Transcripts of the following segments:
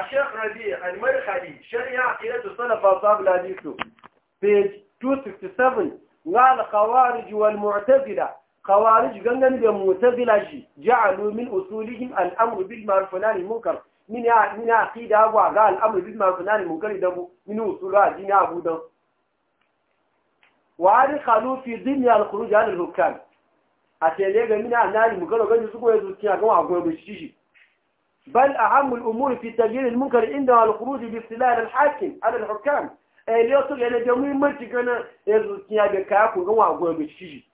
الشيخ ربيع المرخلي شريعة عقيدة السلف أصحاب الحديث في 267 قال خوارج والمعتزلة خوارج قلنا بالمعتزلة جي جعلوا من أصولهم الأمر بالمعروف المنكر من من عقيدة أبو قال الأمر بالمعروف المنكر من أصولها دين أبو ده وأدخلوا في ضمن الخروج عن الهكام أتلقى من أهل المنكر وقال يسوكوا يزوجين أقوى أقوى بشيشي بل أهم الأمور في تغيير المنكر عندها الخروج باستلال الحاكم على الحكام اليوتو يعني جميع مرتك أنا يزوكي بكاك وقوة أقول بشيجي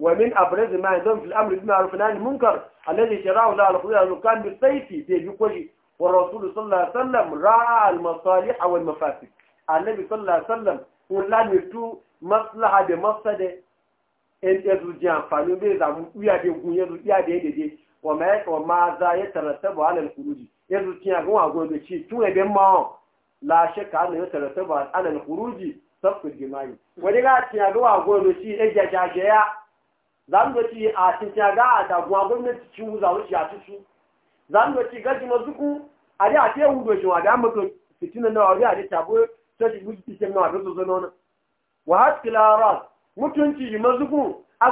ومن أبرز ما يدوم في الأمر بما عن المنكر الذي شرعه له الخروج على الحكام بالسيف في وجهه والرسول صلى الله عليه وسلم راعى المصالح والمفاسد النبي صلى الله عليه وسلم ولا نتو مصلحة بمصلحة إن يزوجي أنفاني بيزا ويا بيزا ويا بيزا wa ma za ya tarattabu alal kuruji yanzu kin ya gobe ci tun ebe ma la shakka ya tarattabu alal kuruji sabku jimai wani ga kin ya gobe ci e zan a kin ya ga da gwa gobe ci ci a tusu zan a te wudo shi wa da mutu fitina na wari a da tabo ta ci guji cikin na wa da zo zo wa mutunci mazuku a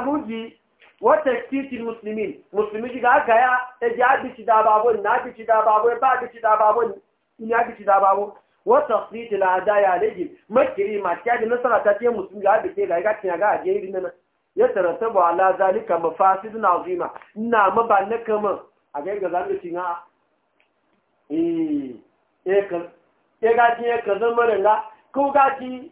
wata titin musulmi musulmi shiga aka ya ta ji abici da babon na abici da babon ba abici da babon ni ya abici da babon wata titin lada ya lege makiri masu yaji nasara ta ce musulmi ga abice ga ga cin ga ajiye irin nan ya tarata ba ala zalika mafasid na azima ina ma ba na kama a ga ga zalika cin a e e ka eh ga cin ka zama ranga ko ga cin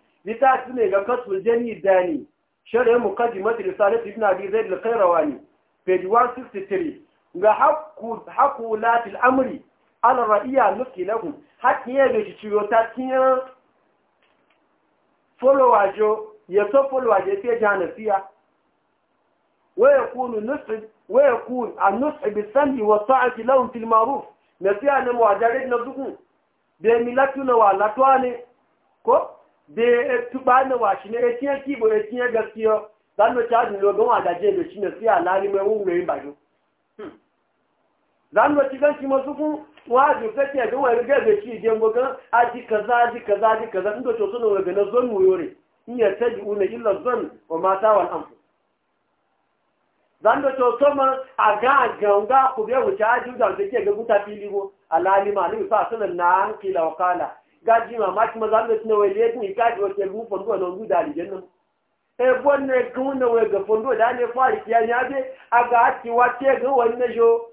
littafi ne ga kasul jani dani shari'a muqaddimat risalat ibn abi zaid al-qayrawani page 163 ga haqqu haqqu latil amri ala ra'iya nuki lahum hakki ya gaji ciyo ta tinya ya so follower je te jana fiya wa yakunu nusb wa yakun an-nusb bis-sam'i wa ta'ati lahum fil ma'ruf nasiya ne mu'ajarid na dukun bi milatu na wa ko da ya tuba na washi ne ya e tiye kibo ya e tiye gaskiyo zan da cajin logon wadaje da shi ne sai a lari mai wungayin bajo hmm. zan da cikin shi masu kun wajen fake ya gama riga da shi idan gogon aji kaza aji kaza aji kaza inda to suna ga na zon mu muyore in ya taji una illa zon wa mata wal amfu zan da to ma a ga ganga ku bai wuce aji da take ga guta fili ko alalima ni fa sunan na an kila kala gaji mamaki maza da suna wai lejin ikaji wace rumu fondo na ndu da alijen nan e bonne kuna wai ga fondo da ne fari kiya ya be a ga ati wace ga wannan jo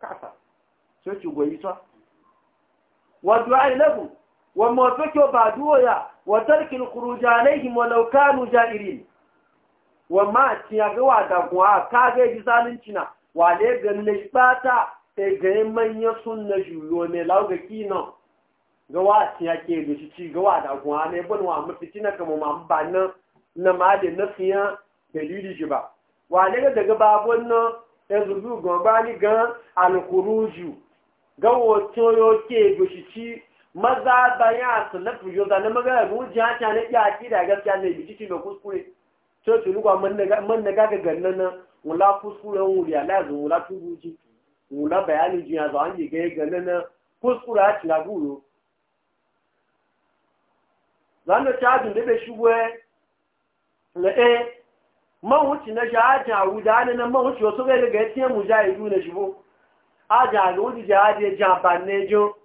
kasa so ci goyi sa wa du'a lahum wa ma fakyo ba du'a wa tarki al-khuruj alaihim wa law kanu ja'irin wa ma ti ya ga wa da a ka ga ji zalunci na wa le ga ne bata e ga manyan sunna juyo ne lawo ga gawa ya ke da shi ci gawa da kuma ne bin wa mu fitina kama ma ba na na ma da na fiya dalili shi ba wa ne daga babon nan ya zuzu gaba ni ga alkuruju gawo yo ke da shi ci maza ya su na fiyo da na magana mu ji haka ne ya ki da gaskiya ne bi ci na kuskure to tunu kwa man na gaga gannan nan wula kuskuren wuri ala zuwa wula wala wula ji ya zo an yi ga gannan nan kuskura a cikin zanda cajin da bai shigo na ɗaya eh, mawuci na shi ajin a wujani na mawuci wasu ga daga yatiyan mujahidu na shigo ajin a ga wuji jihadi ya jamfan ne jo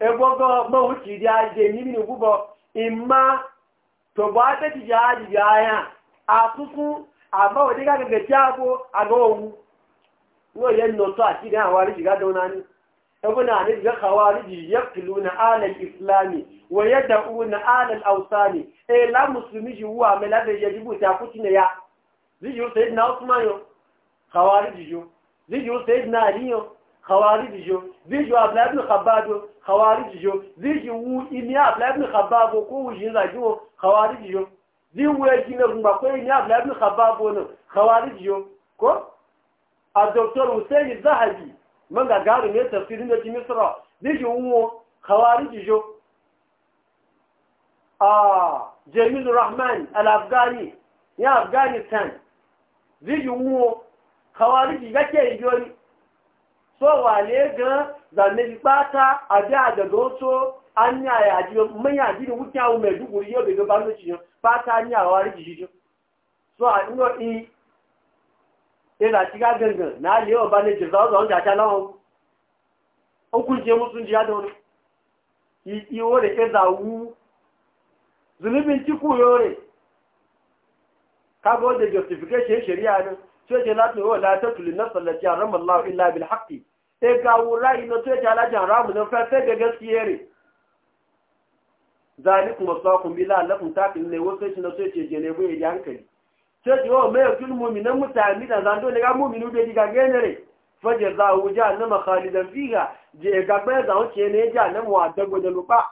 egogo mawuci da ajin yi mini gubo imma to ba ta ci a kuku amma ga gaggabo a a ابن عنيد خوارج يقتلون آل الإسلام ويدعون آل الأوثان إيه لا مسلمي هو عمل هذا يجب تأكلنا يا زيجو سيدنا عثمان خوارج جو زيجو سيدنا علي خوارج جو زيجو أبلا ابن خباب خوارج جو زيجو إمي أبلا ابن خباب وكو جنزا جو خوارج جو زيجو يجينا رمبكو إمي أبلا ابن خباب خوارج جو كو الدكتور حسين الزهبي man ga gari ne tafsirin da misra diji wo khawari jijo ah jamil rahman al afghani ya afghanistan diji wo khawari ji gake yori so wale ga zanne ji pata abi adago so anya ya ji mun ya ji wuta o me duguri yo be do ba lo ci yo pata anya wa ri jijo so a ngo i yana shiga gangan na yawa ba ne jirza zuwa wanda ta lawan hukunce musu jiya da wani iwo da ke zawu zunubin ciku yore kaga wanda justification shari'a nan sai ce la ta la tatul nafsa allati harama Allah illa bil haƙƙi. sai e ga wurai na sai ta la jan ramu nan fa ga gaskiya re zalikum wasaqum bila lakum taqin ne wasu shi na sai ce je ne bai hankali sai yau mai kul mu'minan mutane da zan dole ga mu'minu da diga genere faje za hu jahannama khalidan fiha je ga ba za hu ce ne jahannama wa da gode lupa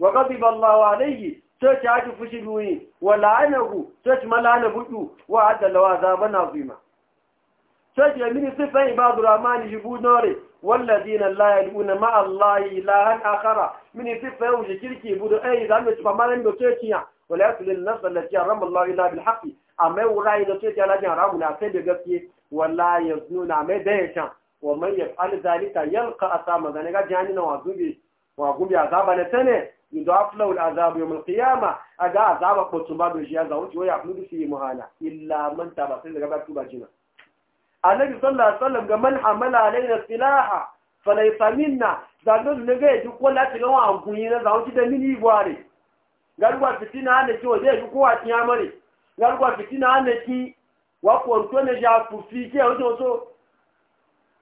wa ghadiba Allahu alayhi sai ta ji fushi ruyi wa la'anahu sai ta malana budu wa adalla wa azaban azima sai ya mini sifan ibadu rahman jibu nore والذين لا يدعون مع الله إلها آخر من يتفهم شركي بدو أي ذنب فما لم يتوتيا ولا يقتل النفس التي حرم الله إلا بالحق amma wurayi da sai ta lajin haramu na sai da gaske wallahi yanzu na mai da ya can wa man yaf'al zalika a sama zane ga jani na wa zubi wa gubi azaba ne tane yudaf lahu al'azab yawm al-qiyama aga azaba kotun ba do shi azaba wuce ya kudu yi muhala illa man ba sai daga batu bajina annabi sallallahu alaihi wasallam ga man amala alaina silaha falaisa minna zando ne ga ji ko lati ga wa ankunyi na zawo ki da mini ibware garwa fitina ne ki wa zai ji ko wa tiyamare ngarwa fitina aneki wako ontone ya kufike ojo ojo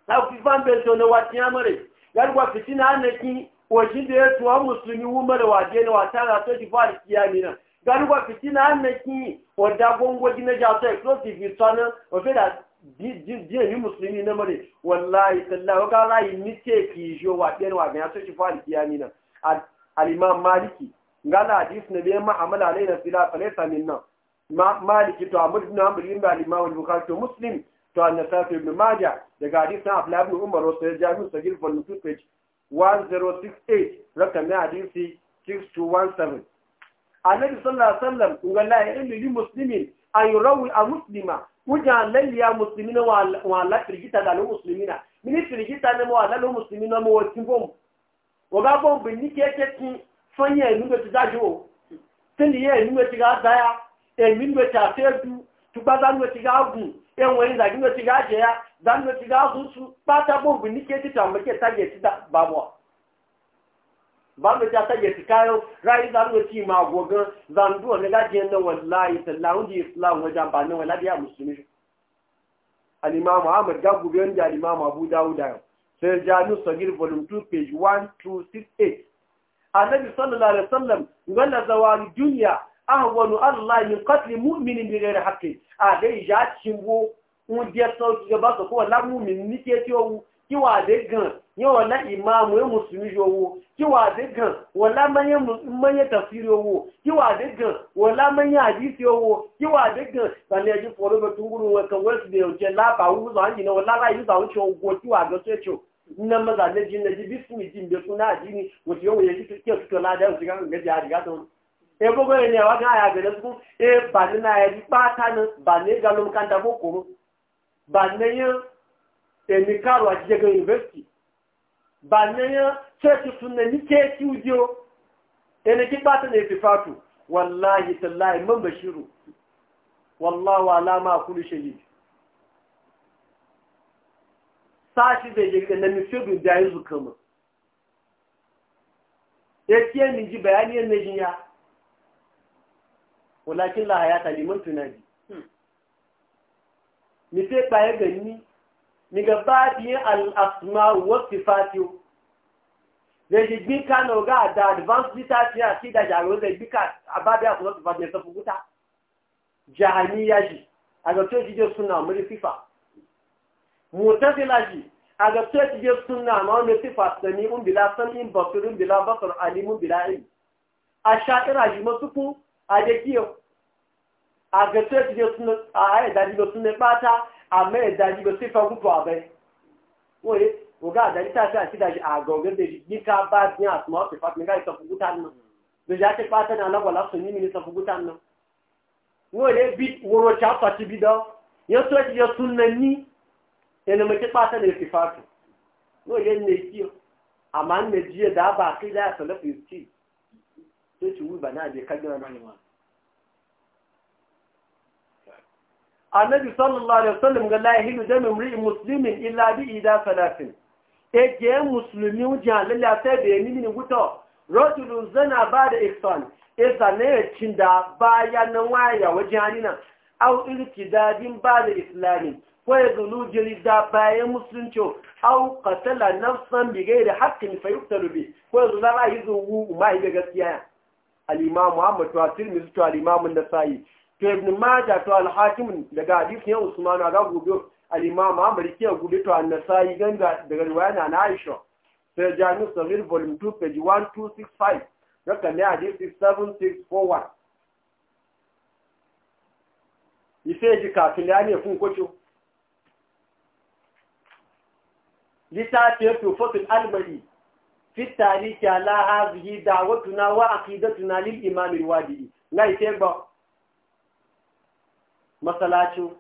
na kufan bezo ne watiamare ngarwa fitina aneki wajinde yetu wa muslimi umare wa jene wa tanga to kifali kiamina ngarwa fitina aneki odagongo jine ya to close if you turn of it as di di ni muslimi ne mare wallahi sallahu kala yimi ce ki jo wa den wa ganya to kifali kiamina al imam maliki ngala hadis nabiyyi muhammad alayhi salatu wa sallam maliki to amur ibn hanbal ibn al-imam al-bukhari to muslim to an-nasafi ibn majah daga hadisin abdullah ibn umar wa sayyid jami'u sagir fal nusus page 1068 rakamin hadisi 6217 annabi sallallahu alaihi wasallam unga la yahillu lil muslimin an yurawi a muslima wujan lalliya muslimina wa la firgita da lo muslimina mini firgita ne wa la lo muslimina mo tin bom wa ga bom bin ni ke ke tin fanya ni ga ta jo tin ye ni ga ta èmi ń gbèsè tukpa tùgbà zanu ti ga gùn ẹ̀wọ̀n yìí zanu ti ga jẹ̀yà zanu ti ga gùn sùn pátá bóògùn ní kéde tí àwọn mẹ́kẹ́ táyẹ̀ ti bàbọ̀ bàbá ti àtàyẹ̀ ti káyọ̀ ráyé zanu ti ma wọ̀ gan zanu dùn ọ̀nà láti ẹ̀ náà wọ̀ láàyè tẹ̀lá ń di islam wọn jàǹbá náà wọn láti yà mùsùlùmí. alimami ahmed gagobe ń di alimami abu dawuda yọ sai jami'u sagir volume 2 page 1268 annabi sallallahu alaihi wasallam ngalla zawali duniya ahwanu Allah min qatl mu'minin bi ghairi haqqi a dai ja cimbo un dia so ti ba so ko la mu'min ni ke ti owu ki wa de gan ni wa la imam e muslimi jo wo ki wa de gan wa la manye manye tafsir ki wa de gan wa la manye hadisi ki wa de gan ba le ji foro be tunguru wa ka wes de o je la ba wu so anji no ba yu sa o cho go ti wa go se cho nna maza le ji ji bismi ji mbe suna ji ni wo ti yo wo ye ti ke la da o ti ga ga ja ga to ebogo ne wa ga ya gele ku e bani na ya pa ta no bani e ga lo kan da boko bani yo e mi karo a jege university bani yo church tun ne ni ke ti ujo ene ki pa ta ne fi fatu wallahi tallahi mun bashiru wallahu ala ma kullu shahid sashi da jirgin na mifidun da yanzu kama e ya ce min ji bayaniyar na jiya walakin la hayata liman tunadi hmm. mi sai baye gani ni ga ba biye al bi ka no ga da advance data ti a da jaro da bi ka ababe a kuma sifati ta fukuta jahaniya ji a ga to ji suna sunna fifa. sifa mu'tazila ji a ga to ji suna ma mu sifa sani un bila sanin basirun bila basar alimun bila ilm a sha'ira ji masuku adekiyo agato etiyo suno aya dajibo suno pata ame dajibo se fagu to abe oye oga adari ta se ati daji agogo de ni ka ba e ni asmo pe pat mi ga ito fugu tan no be ja te pata na lawa la suni ni so fugu tan no oye bi woro cha e e pa ti ni ne ne da ba ki da sai ci na kaddara manewa annabi sallallahu alaihi wasallam ga la da damu mri'in muslimin illa bi ida salatin e ge muslimi jalala sai da yini ni guto rajulun zana ba da ihsan e zane cinda baya nan waya wajen hanina au irtidadin ba da islami ko ya zulu ba bayan musulunci au qatala nafsan bi gairi haqqin fa yuqtalu bi ko ya zulu ra'ayi zuwu ma yi gaskiya al-imamu Ahmad to Tirmidhi to al-imamu to Ibn Majah to al-Hakim daga hadisi ne Usman ga gobe al-imamu Ahmad ke gobe to an-Nasa'i ganga daga riwaya na Aisha sai Jami'u Sahih vol 2 page 1265 raka ne hadisi 7641 ife ji kafin ya ne fun kwacin littafin tufatul almari في التاريخ على هذه دعوتنا وعقيدتنا للإمام الوادي لا يتبع مثلا شو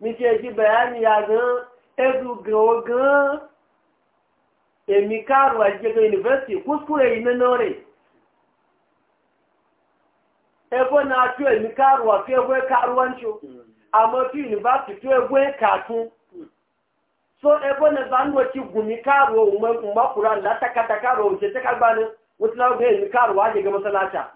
مثل يجي بيان يغن ابو غوغن èmi káàrù àjẹgẹ yunifásitì kúskúrè iná náà rè ẹgbẹ́ náà tó èmi káàrù àfi ẹgbẹ́ káàrù wáńṣó àmọ́ tí yunifásitì so ebo na zango ti gumi karo umma kuran la taka taka ro ce ta kalbani wutla na ga yi karo waje ga masalacha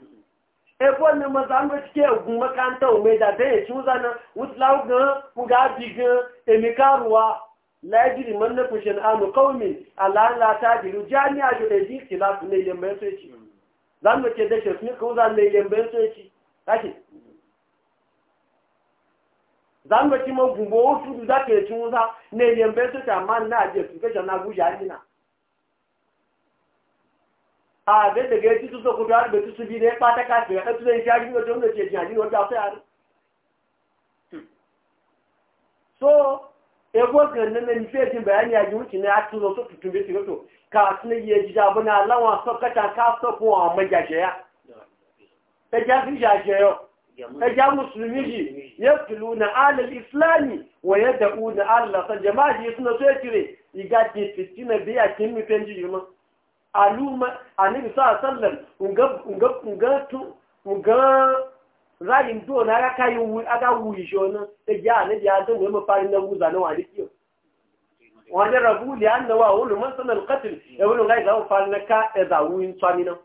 ebo na mazango ti ke gumi makanta ume da da ya ci uzana wata na ga ku ga e emi karo wa la yajiri man na kushin anu kaumi ala la ta jiru jami'a ju da ji tilafu ne yamma sai ci zango ce da shi sun ko zan ne yamma sai ci kashi zango ti ma gumbo o tudu za ke tun za ne ye bai ta man na je su ke na guja ni na a de de ge ti tu so ko dar be tu su bi ne pa ta ka ke ta tu ne ja ni o to ne so e go kan ne ne fe bayani ya ji wuci ne a tu so tu tumbe ti to ka su ne ye ji ja bana lawan so ka ta a ma ya ta ja ji ja kajiya musulmi ji ya filu na alil islami wa ya da'u na alil asar jama'a ji suna so ya cire iga ke fiti na biya kin nufin ji yuma a luma a nufi sa a sallar ga zaɗin to na ga kayi aga wuri shi wani ta giya a nufi yadda wani mafari na guza na wani kiyo wani rabu da yan da wa wani man sanar katil ya wani ga yi zama mafari na ka ya zawuyin tsamina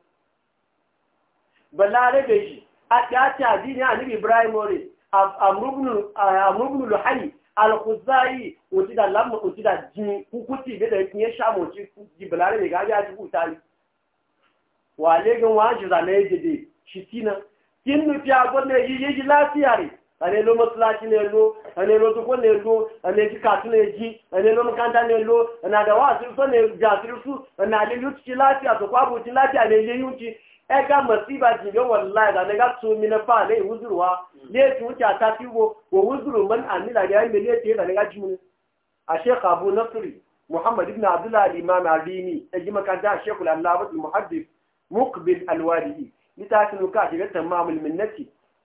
balare da shi أتأتي أدين يعني إبراهيم وري أمر بن أمر بن لحي alkuzai wuti da lamma wuti da jini hukuti da da kin sha moci jibilare ne gaji aji kutali wale gan shi sina kin nu fiya gonne yi yi lafiya re ane lo maslaci ne lo ane lo to lo ane ji katu ji ane lo makanta ne lo da wasu su lafiya lafiya ẹgá masiba jìlọ wọ̀n láì lànàgá tún mi náà fáà lẹ́yìn wúzùrù wa ní ètò jà tá sí wo wò wúzùrù mọ́ni àmì lànàgá ẹ̀mí léètù lànàgá muhammad ibn ẹjí mukbil alwadihi níta sínú ká àṣekh tamam alminnati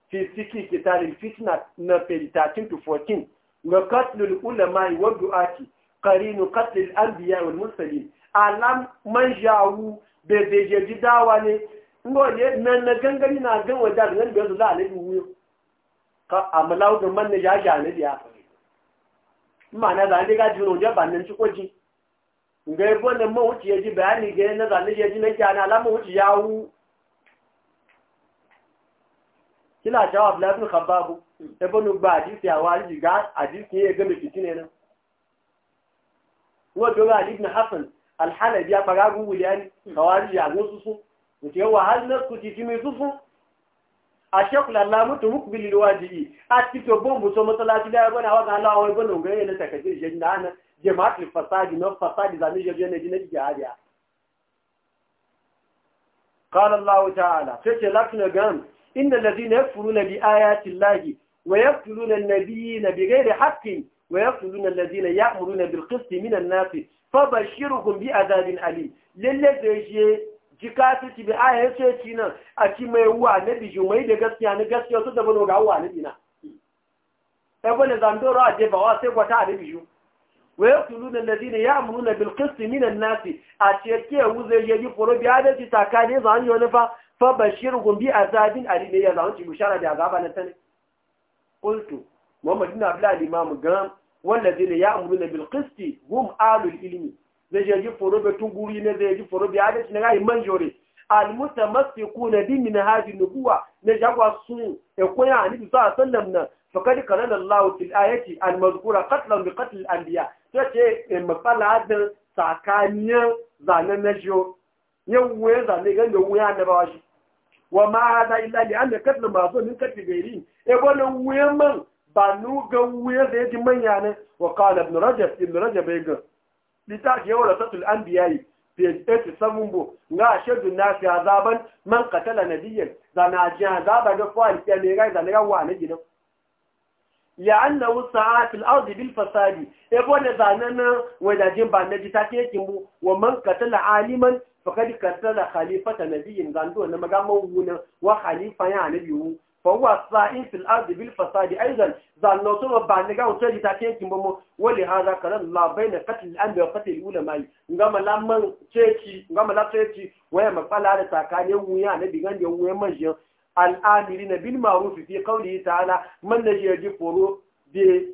fi siki kitali fitna na pẹ̀lú thirteen to fourteen nga ulama anbiya wal mursalin alam man ne ngole nan na gangari na gan wajen da nan da yanzu za a nabi wuyo ka amalawo da man na ya ga nabi ya ma na da ne ga jiro da ban nan ci koji ga yabo nan ma wuce ya ji bayani ga na da ne ya ji na ki ana alama wuce ya wu kila jawab la ibn khabbab ibn ba hadisi ya wali ga hadisi ya ga miki ne nan wa dole ibn hasan al-halabi ya fara gugu yani kawari ya gosu sun. nke wahal na kuti ti mai sufu a shekula lamutu mukbili luwajibi a tito bombu so matsalaci da ya gwana wa ga lawa wai gwanon ganye na takajir shi na ana jama'atul fasadi na fasadi zane shi na jina jiki hariya قال الله تعالى فتلقنا قام إن الذين يكفرون بآيات الله ويقتلون النبيين بغير حق ويقتلون الذين يأمرون بالقسط من الناس فبشرهم بأذاب أليم للذي ki kafirci bi aya ya ci nan a ci mai wa na biju mai da gaskiya na gaskiya su da bano ga wa na dina. ɗan wani zandoro a ba wa sai kwata a bi biju wa ya tulu na lazina ya amuru na bilkisti nasi a ci ke wuze je ji furo bi da ci taka ne za ni wani fa fa bashir gumbi a zabin ali ne ya zan ci bushara da azaba na tane qultu muhammad ibn abdullah imam gam wallazina ya amuru na bilkisti hum alul ilmi zai je ji foro bai guri ne zai ji foro bai adalci na gayi manjore almutamassikuna bi min hadi nubuwa ne jagwa su e koya annabi sallallahu alaihi wasallam na fakad kana Allah til ayati almazkura qatlan bi qatl al-anbiya tace mafala da sakaniya zanen najo yawwe zane ga da wuya ba shi wa ma hada illa li anna qatl ma zo min katbi gairi e bolan wuyan man ba nu ga wuya da ji manya ne wa qala ibn rajab ibn rajab ya littafi yawon satul an biyayi page 87 bo nga shaddu nasi azaban man qatala nabiyyan da na ji azaba ga fa'al ya ne ga zalaga wa na gidan ya sa'at al-ard bil fasadi e bone zanana wadajin ba na ji ta ke bu wa man qatala aliman faqad qatala khalifata biyan gando na magaman wuna wa khalifa ya nabiyu fọwọ́ in ìfìl àdìbìl fasadi aizan za lọ́tọ́ wa ba nígá wọ́n tẹ́lẹ̀ ìtàkẹ́ kí mọ́mọ́ wọlé ha za kalan labai na kati lambe wa kati ula mai ngama la man waya ma pala ala taka ne wuya ne bigan de wuya ma jiyan al amiri na bin marufi fi kawli ta'ala ji foro de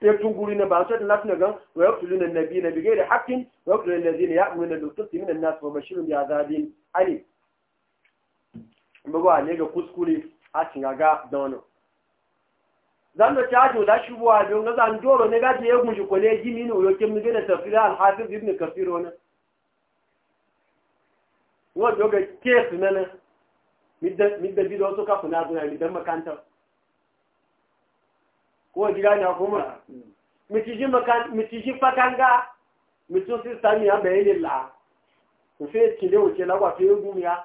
ya tunguri na ba sai da lafiya gan waya kulu na nabi na bigai da hakkin waya kulu na nabi ne na lokacin min annas wa bashirun bi azabin ali bugwa ne ga kuskure a cingaga da wani zan da cajo da shi buwa biyu zan doro ne gaji ya ji kwale gini ne yokin mu da tafsir al-hafiz ibn kafir wani wa doga case nana midda midda bido so ka kuna zuwa da makanta ko jira na kuma mitiji makan mitiji fakanga mitu sistami ya bayin la ku fe o wuce la wa fe gumiya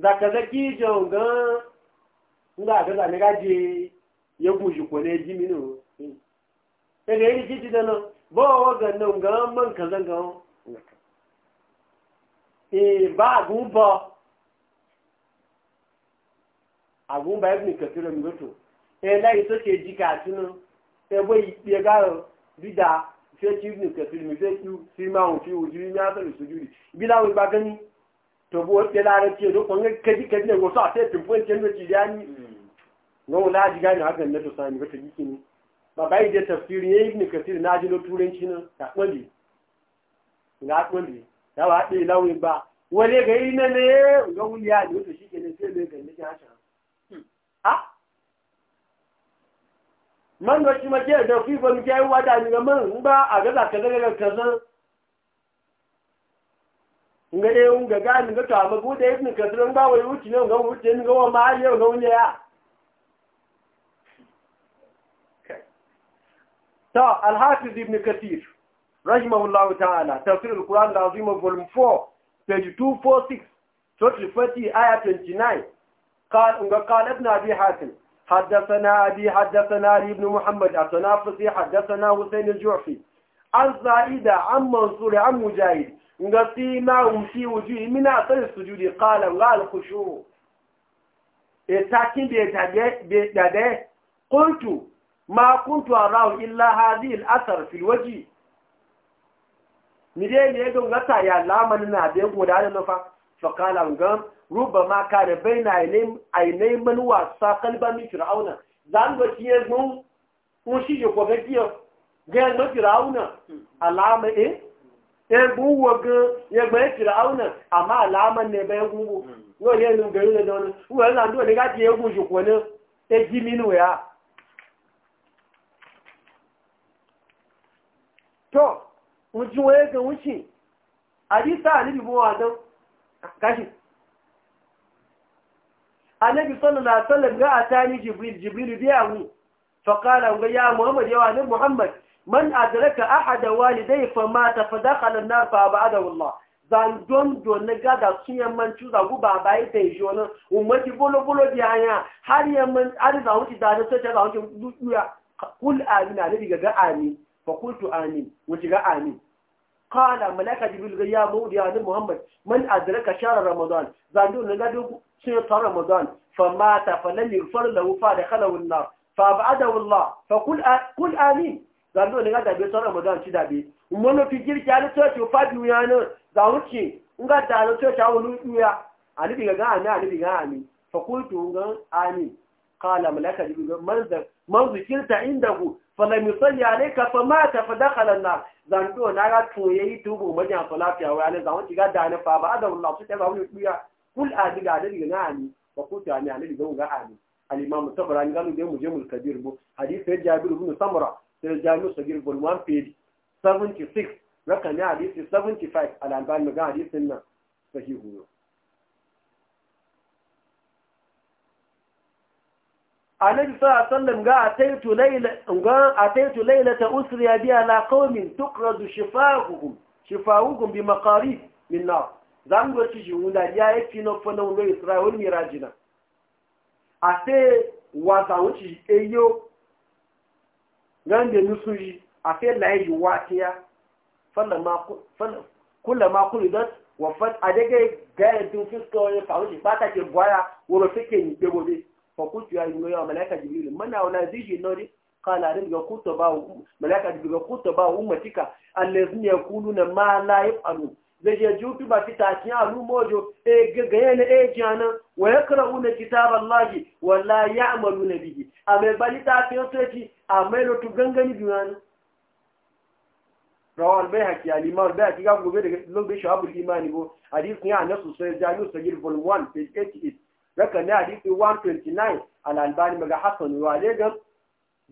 zaka zaki jonga nga agaza ne gaje ya gushi ko ne ji minu sai e da yi kiti da nan ba wa ga nan ga man ka zan ga e ba gumba a gumba e ibn kafira mi goto e la ito ke ji ka tunu e bo ipe ga bida fe ti ibn kafira mi fe ti fi ma o fi o ji ni a fe suju bi la o ba gani to bo ke lare re ti do ko ngai kadi kadi ne go sa te tin point ken ti yani no la ji ga ni hakan ne to sani ba ta giki ni ba bai da tafsiri ne ibn kasir na ji lo turanci na ta kwali ina kwali da ba dai lawi ba wale ga yi na ne ga wuliya ne to shi ke ne sai ne ga ne ha ha man ga shi ma ke da fi ban mu ga wada ni ga man ba a ga za ka kaza nga e nga ga ni ga ta ma gu da ibn kasir nga wai wuci ne nga wuci ne ga wa ma yau nga wunya ya ta al ibn kasir rahimahullah ta'ala tafsir al-quran al-azim volume 4 page 246 total 40 aya 29 قال ان قال ابن ابي حاتم حدثنا ابي حدثنا علي بن محمد التنافسي حدثنا حسين الجعفي عن سعيد عن منصور عن مجاهد nga fi ma wufi wuju mina sai sujudi qala la al khushu e takin bi dade bi dade qultu ma kuntu arahu illa hadhihi al athar fi al waji mide ne ga ngata ya lamani na be goda da nafa fa qala ngam rubama kana baina ainim ainim man wa sa qalba min fir'auna zan ga kiye mun mun shi ko ga fir'auna hmm. alama e egun wo gan yẹgbẹ ìfìlà àwọn ama àmà àlàámà ní ẹbẹ egun wo yóò yẹ ẹnu gẹrù lẹdọ ní wọn ẹnu àdúrà ní káàkiri egun ṣòkò ní ẹjí mínú ẹ á. tó ń ju wọn ẹgbẹ sọlọ na hmm. sọlọ jibril jibril ya muhammad ya man adraka ahada walidai fa mata fa dakhala an-nar fa abadahu Allah zan don don na gada sun yamman cuza guba bai ta yi shonin umarci bolo bolo bi hanya har yamman har za wuce da na soce za wuce duya kul amin a nabi ga amin fa kultu amin wuce ga amin qala malaka jibril ga ya mawdi ya muhammad man adraka shahr ramadan zan don na gada sun ta ramadan fa mata fa lam yughfar lahu fa dakhala an-nar fa abadahu Allah fa kul kul amin zando ne ga dabe tsara mu zan ci dabe mun no fikir ki ala to fa bi ya no za wuce in ga da ala to ta wulu duya ali bi ga ani ali bi ga ani fa qultu ga ani qala malaka bi ga man da man zikirta indahu fa lam yusalli alayka fa mata fa dakhala an-nar zando na ga to yayi tubu majan falafiya wa ala za wuce ga da na fa ba adabu Allah su ta ba wulu duya kul a diga da diga ani fa qultu ani ali bi ga ani al-imam tabarani ga lu je mu je mul kabir bu hadith ya jabir ibn samra sai jami'u sagir gol 1 page 76 rakami hadisi 75 al'albani ga hadisin nan sahihu ne annabi a sallam ga a layla ga ataitu laylata usriya biya ala qaumin tuqradu shifahuhum shifahuhum bi maqarib min nar zan go ci ju da ya yake no fona wo israel mirajina a wa za wuci eyo gan nusuri a fi layi watiya kula ma kuli don wafat a daga gayar tun fiska wani faru shi fata ke gwaya wani suke yi ɗago ne fakultu ya yi nuna yawa malaka jibiru mana wala zishi nori kala rin ga kuta ba malaka jibril ga kuta ba umatika allazin ya kulu na ma la faru zai jufi ba baki taki a lumojo e gaggaye na e jana wa ya karahu na kitab Allah wala ya amalu na biyu? a mai bali ta fi yau sai a mai lotu gangani biyu yana rawa albai haki a liman albai haki ga gobe daga lobe shawabu imani bo hadisun ya na sosai? jami'u sagir vol 1 page 88 raka ne hadisi 129 al albani maga hassan wa lega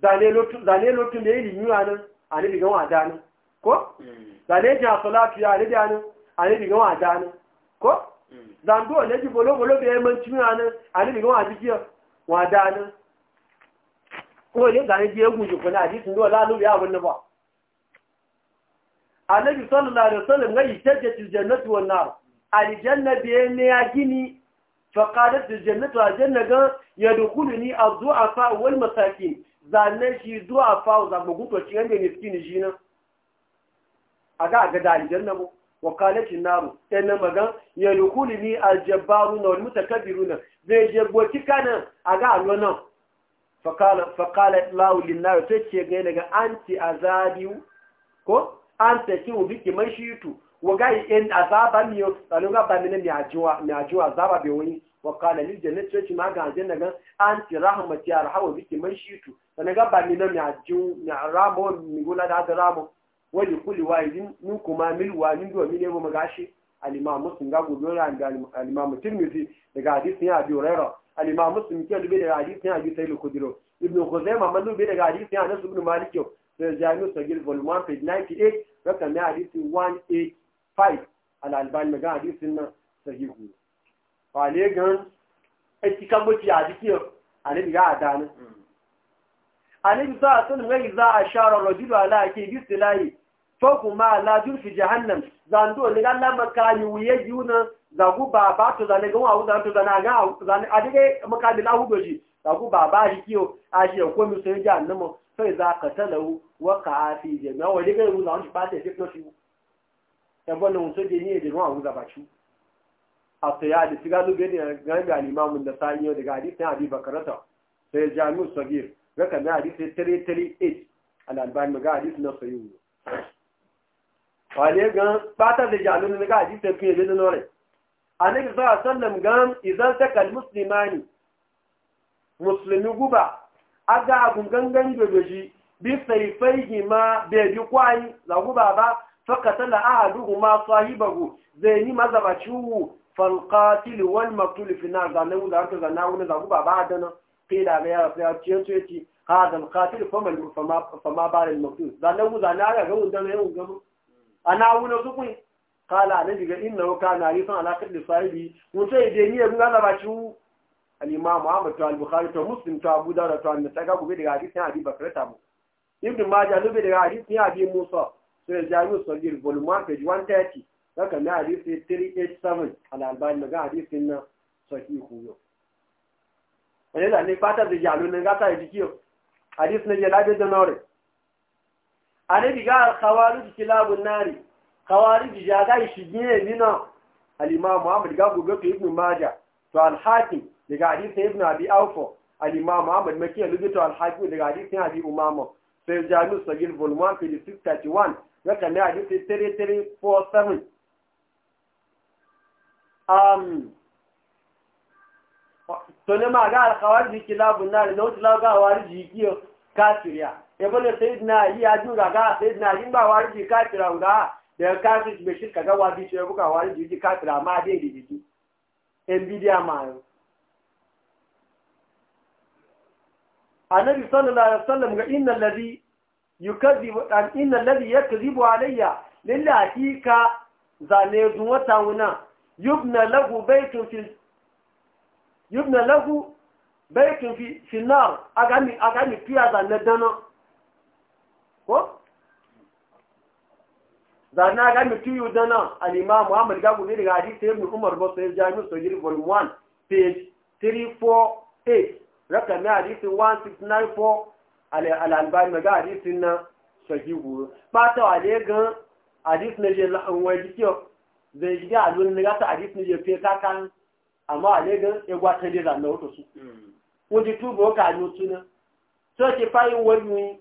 zane lotu da ya yi limiyu yana a ne bigan wa dani ko hmm. zane ji salatu ya ne dani anabi gan wa dana ko zando ne ji bolo bolo be man tuna nan anabi gan wa ji wa ko ne ga ji egun ji ko na ji tun do la lu ya wannan ba sallallahu alaihi wasallam ga jannatu wan nar bi ne ya gini فقالت الجنة الجنة يدخلني الضعفاء والمساكين زانن شي ضعفاء وزابغوتو aga ga da na mu wakalet naru ɗanen magan ya rukuli ni a na wani mutakabiru na zai jagwa kika nan a ga alo nan fakalet laulin naru ta ce ga yana ga an ti a zabiwu ko an ta ki wubi ki mai shi yutu wa yi in a zaba miyo tsanin ga bamina mi ajiwa zaba bai wani wakalet ni jannin coci ma ga ajiyar nagan an ti rahama ti a rahama wubi ki mai shi yutu tsanin ga bamina mi ajiwa mi wani kuli wahidin nun kuma mil wani domin ne mu magashi al-imam muslim ga gobe ran da al-imam daga hadisin ya biyo hurairah al-imam muslim ke dube daga hadisin ya bi sayyid al-khudri ibn khuzaimah man dube daga hadisin ya nasu ibn malik sai jami'u sagir volume 1 page 98 rakam ya hadisin 185 al-albani ga hadisin nan sahihu fale gan eti kamboci hadisi anabi ga adana anabi za a sun rai za a shara rajulu ala ke bisilahi fakuma la jurfi jahannam zando ne galla makani wuye yuna zagu baba to zane ga wa zan to zana ga zane adige makani lahu doji zagu baba shi kiyo a shi ko mi sai jahannam sai za ka talau wa ka fi jami'a wa dige ru zan shi pate shi to shi e bon non so de ni de ru awu za bachu afta ya di siga lu gani ga ga limamun da sai yo daga hadisi abi bakarata sai jami'u sagir ga kan hadisi 338 al albani ga hadisi na sayyid wale gan batar da jami'in ga a ta fiye da nore annabi sa sallam gan idan ta kal muslimani muslimi guba ga abun gangan gobeji bi saifai ma bai bi kwai Za guba ba fakatala ahaduhuma sahibahu zai yi mazabaciwu falqatil wal maqtul fi ga da na ga ana wuna zukun kala na diga inna wa kana risan ala kulli sahibi mun sai dai ni yanzu Allah ba ciwu al-imam Ahmad to al-Bukhari to Muslim to Abu Dawud to an-Nasa'i ga gobe daga hadisin Abi Bakr ta mu Ibn Majah gobe daga hadisin Abi Musa sai Jami'u Sagir volume 1 page 130 haka na hadisi 387 al-Albani ga hadisin na sahihu yo wani da ne fatar da jalo ne ga da jiki hadis ne ya labe da nore anabi ga khawarij kilabun nari khawarij ja ga shi gine nina al-imam Muhammad ga gobe to ibn Majah to al-Hakim daga hadith ibn Abi Awfa al-imam Muhammad makiya lugito al-Hakim daga hadith Abi Umama sai jami'u sagir volume 1 page 631 ga kan ne hadith 3347 um to ne ma ga al-khawarij kilabun nari da wata ga khawarij kiyo kafiriya ebole sayid yi ya jura ga sayid yi ba wari ji kafira ga da kafir be shi kaga wadi ce buka wari ji kafira ma dai di di nbidia ma yo annabi sallallahu alaihi wasallam ga inna alladhi yukadhibu an inna alladhi yakdhibu alayya lillahi ka zane dun wata wuna yubna lahu baytun fil yubna lahu baytun fi fi nar agami agami piya zane dana ko zana ga mutu yi dana al'imam muhammad gagu ne daga hadisi ibn umar ba sai jami'u sojiri volume 1 page 348 rakami hadisi 1694 al'albani maga hadisi na soji guru fata wa ne gan hadisi na je la'anwar jikiyo zai jide a lulun na gata hadisi na je fiye kakan amma a ne gan egwa ta je zana wato su hmm. wajen tubo ka yi otu na so ke fayin wani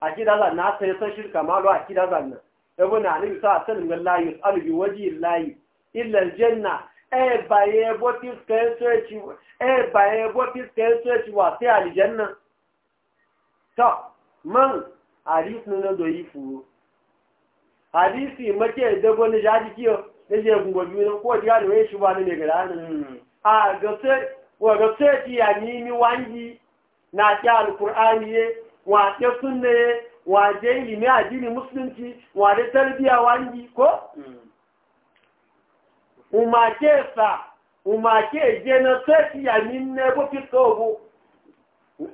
akida zan na sai san shirka ma lo akida zan nan na ni sa sanin ga la yus'alu bi waji llahi illa aljanna e baye botis kenso ci e baye botis kenso ci wa sai aljanna to man hadis nan do yi fu hadisi make da gona jaji kiyo da je gungo biyu nan ko diga da shi ba ne ga ranan a ga sai wa ga sai ya ni mi wangi na ta alqur'ani wace sunne waje ilimi ajini musulunci waje tarbiya wangi ko hmm. umake sa umake je na sai ya minne ko fitogo hmm.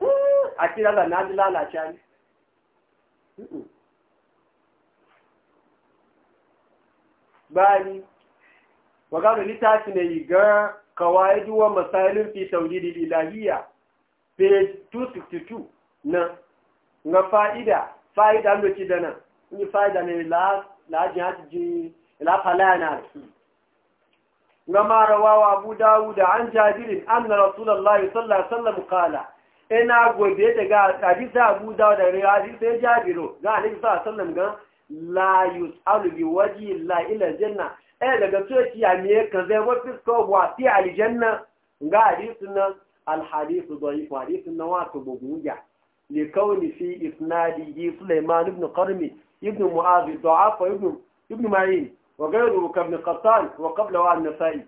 a kira da na lalace ne hmm. bani ta littafi ne ga kawai duwa masailin fi tauridi ilahiyya page 262 na nga fa'ida fa'ida ndo ci dana ni fa'ida ne la la ji la falana nga ma rawawa abu dawud an jabir anna rasulullahi sallallahu alaihi wasallam qala ina gobe daga hadisi abu dawud da hadisi sai jabiro ga alaihi wasallam ga la yus'alu bi waji la ila janna eh daga tsoci ya me ka zai wa fisko wa fi aljanna ga hadisi nan al hadisi dhaif hadisi nan wa لكون في إسناده سليمان بن قرمي ابن معاذ الضعاف وابن ابن معين وغيره كابن قطان وقبله النسائي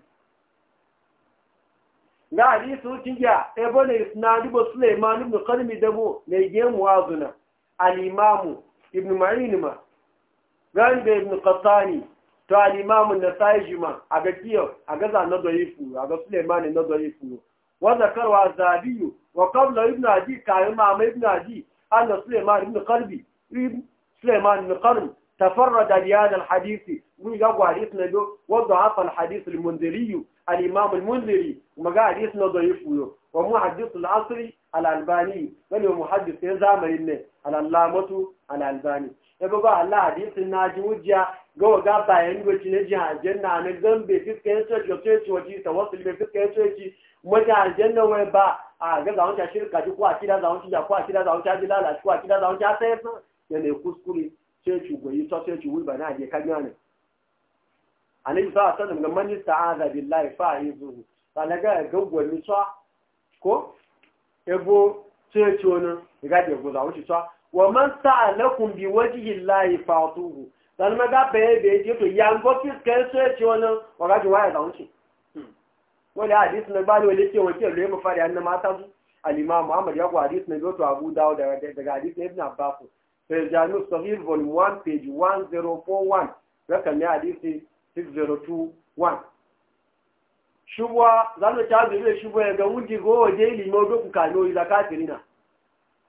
na hadisu tiya ebole isnadu ba Sulaiman ibn Qarmi dabo ne ge muwazuna al-Imam ibn Ma'in ma da ibn Qattani to al-Imam an-Nasa'i ma aga kiyo aga za na aga Sulaiman na وذكر الذهبي وقبل ابن عدي كايم عم ابن عدي أن سليمان بن قلبي ابن سليمان بن قرن تفرد بهذا الحديث ويقوى حديثنا له وضعف الحديث المنذري الإمام المنذري وما قال حديثنا ضعيف ومحدث العصري الألباني بل هو محدث يزعم على العلامة الألباني يبقى الله حديث الناجي وجه gawa ga bayan gwaci na jihar janna na gambe fiska ya tsoci wasu yaci waje ta wasu libe fiska ya tsoci wata aljanna wai ba a ga zawon ta shirka ji ko a kida zawon ta ko a kida zawon ta ji lalace ko a kida zawon ta sai fa yana ne kuskure tsoci goyi ta tsoci wai ba na je kan yana annabi sa sallam ga manista man ista'aza billahi fa yuzu fa na ga gaggwani tsa ko ebo tsoci wannan ga da go zawon ta wa man sa'alakum bi wajhi llahi fa'tuhu sannan ga bayan da ya ji to yango fiskan so ya ce wani wagaji waya ga wuce hmm. wani na bani wani ke wake lo ya mafari an na mata su alima muhammad kuwa na abu dawo daga 1 1041 ya ga wuji go waje ilimi odo ku ila kafirina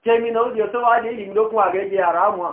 kemi na wuji to wa da ilimi do ku ga yara mu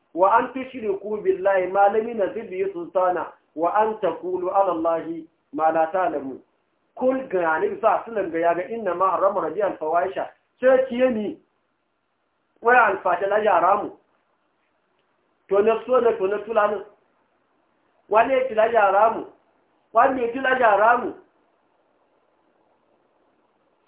wa an ku billahi ma lam yunzil bihi sultana wa an taqulu ala allahi ma la ta'lamun kul gani ne sa sunan ga yaga inna ma harama rabbi al fawaisha sai yi ni wa al fatala ya ramu to na so na to na tulana wale tilaja ramu wale tilaja mu.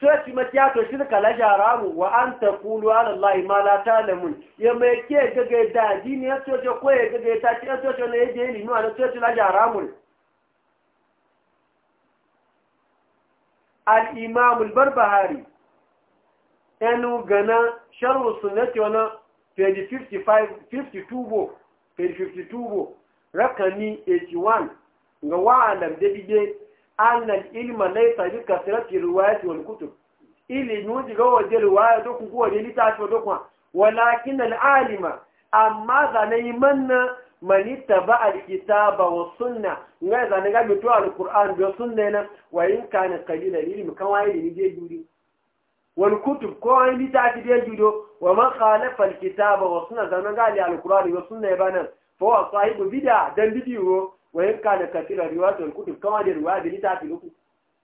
sai mace ya to shirka la jaramu wa an taqulu ala allahi ma la ta'lamun ya mai ke gaga da dini ya to ko ya gaga ta ci ya to ne je ni ma to ci la jaramu al imam al barbahari enu gana sharh sunnati wana page 55 52 bo page 52 bo rakani 81 ga wa'alam da bige annal ilma laisa bi kasrati riwayati wal kutub ili nuji ga waje riwaya to ku waje litafi to kuma walakin al alima amma zanai manna man ittaba al kitaba was sunna ngai zanai ga bi to al na wa in kana qalila ilmi kan waye ni je juri wal kutub ko ai litafi ya judo wa man khalafa al kitaba was sunna sahibu bid'a wọ́n ká lè kẹ̀sí lọ ríwá tó kútù kọ́wọ́n lè ríwá ìdílé tàbí lókù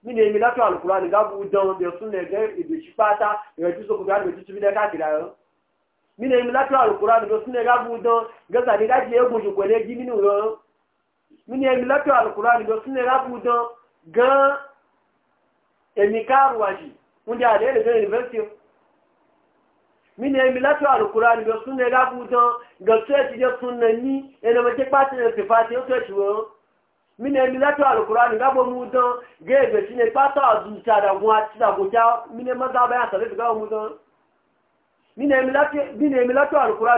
mí ni èmi látọ̀ àlùkùrọ̀ àti gábù dán bí ọ̀sùn lẹ̀ gẹ́ ìdòjì pátá ìrẹ̀jú sókùn bí àgbẹ̀ tuntun bí lẹ́ káàkiri àárọ̀ mí ni èmi látọ̀ àlùkùrọ̀ àti ọ̀sùn lẹ̀ gábù dán gẹ́sà ní gájì egun ṣùkọ̀ lé jí nínú rọ̀ mí ni èmi látọ̀ àlùkùrọ̀ àti ọ̀sùn lẹ̀ gábù mini emi láti àrùkúra nìgbà súnà ẹgbàgbùdán ìgbà tó ẹ̀ ti jẹ́ súnà ní ẹnàmọ́jẹ́ pàtí ẹ̀ ti ó tẹ̀sí wọn mini emi láti àrùkúra nìgbà gbọmú dán gẹ́gẹ́ sí ní pátá àdùnsí àdàgún àti àgùnjá mini mọ́tà bẹ́ẹ̀ àtàlẹ́ ìgbà gbọmú dán emi láti àrùkúra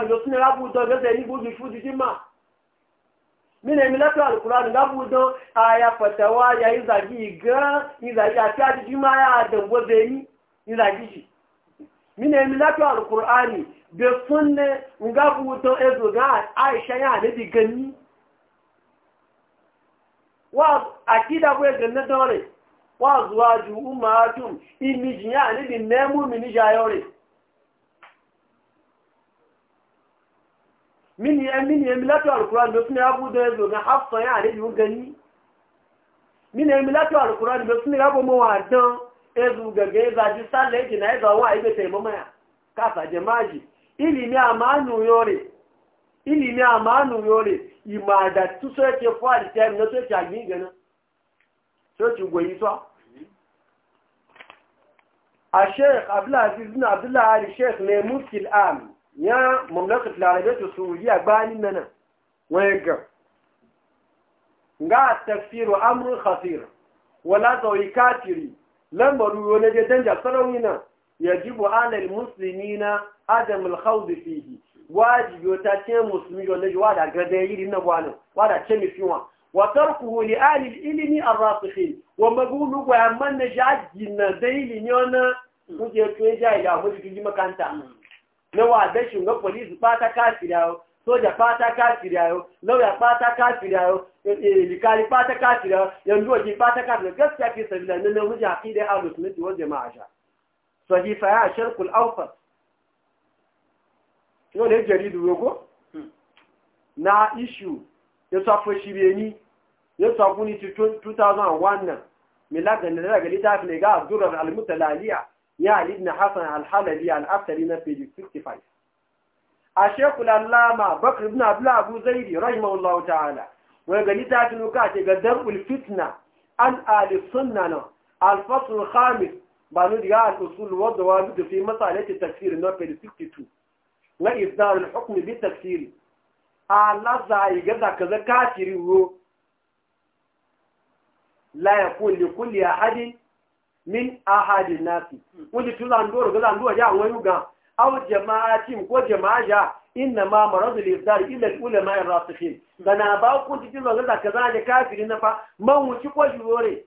nìgbà súnà àyà pẹ̀tẹ̀wá àyà ìzàgì ìgán ìzàgì àti àdìjú máa yà àdàgbọ́ mine mi lato alkur'ani be sunne nga buto ezo ga aisha ya ne di gani wa akida ko ganna dore wa zuwaju ummatum imiji ya ne di nemu mini jayore mini mini mi lato alkur'ani be sunne abu do ezo ga hafsa ya ne di gani mini mi lato alkur'ani be sunne ga bo mo ezu gaga za ji sallah ji na ya kasa ilimi amanu yore ilimi amanu yore ima da tu so ke fo ali tem no so agbi gana so ti gwe yi a sheikh Abdullahi bin Abdullahi ali sheikh ne muskil am ya mamlakat al-arabiyyah saudiya gbani nana ga. nga tafsiru amrun wala zawi kafiri lambaru yo na je danja sarauni ya yajibu ala almuslimina adam alkhawd fihi wajibi yo ta ce musulmi yo na je wada gada yiri na bwana wada ce mi fiwa wa tarkuhu li ahli alilmi arrasikhin wa magulu wa amman jaji na daili ne ona kuje to ya ya mu ji makanta na wa da shugaba police ba ta kafira soja fata kafiri yayo lauya fata kafiri yayo eh, eh, likali fata kafiri yayo yanzu waje fata kafiri gaskiya ke sabila nan nan wuce aqida ahlus sunnati wal jamaa sha sahifa ya sharqul awsat yo ne jaridu yogo hmm. na issue ya safo shireni ya safo ni 2001 nan milaga ne daga littafi ne ga abdurrahman al-mutalaliya ya ali ibn hasan al-halabi al-aftari na page 65 a shekul allama bakar ibn abdullah abu zaidi rahimahullahu ta'ala wani gani ta tuno ka ce ga darul fitna an ali sunna na alfasul khamis ba nu diga al usul wa dawab da fi masalati tafsir no pe 62 na isdar al hukm bi tafsir ala zai ga zaka zaka shiri wo la yakun li kulli ahadin min ahadin nasi wani tulan doro ga zan duwa ja wani ga aw jama'atin ko jama'a inna ma maradu lifdar illa ulama ar-rasikhin dana ba ku cikin zanga da kaza da kafirin na fa man wuci ko jure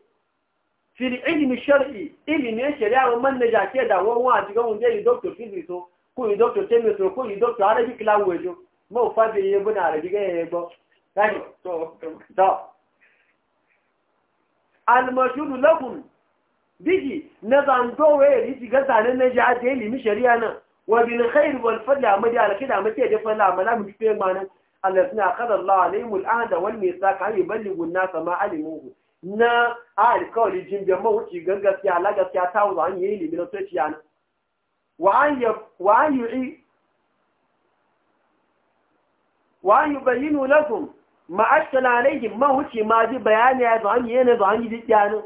fil ilmi shar'i ilmi shari'a wa man ke da won wa diga won dai doctor physics ko ko doctor chemistry ko doctor arabic language mo fa be ye buna arabic ye gbo tani to to al-mashhur lakum biji na zanto we ri diga zanen naja da ilmi shari'a na وبالخير والفضل عمدي على كده عمدي يجفل عمنا مجفير معنا الذين أخذ الله عليهم الأهد والميثاق أن يبلغوا الناس ما علموه نا آل كول الجنب يما وشي غنغا سيا لغا سيا تاوز عن يهيلي من السويتيان يعني. وأن يعي وأن يبينوا لكم ما أشكل عليهم ما وشي ما دي بياني عزو عن يهيلي عزو عن يهيلي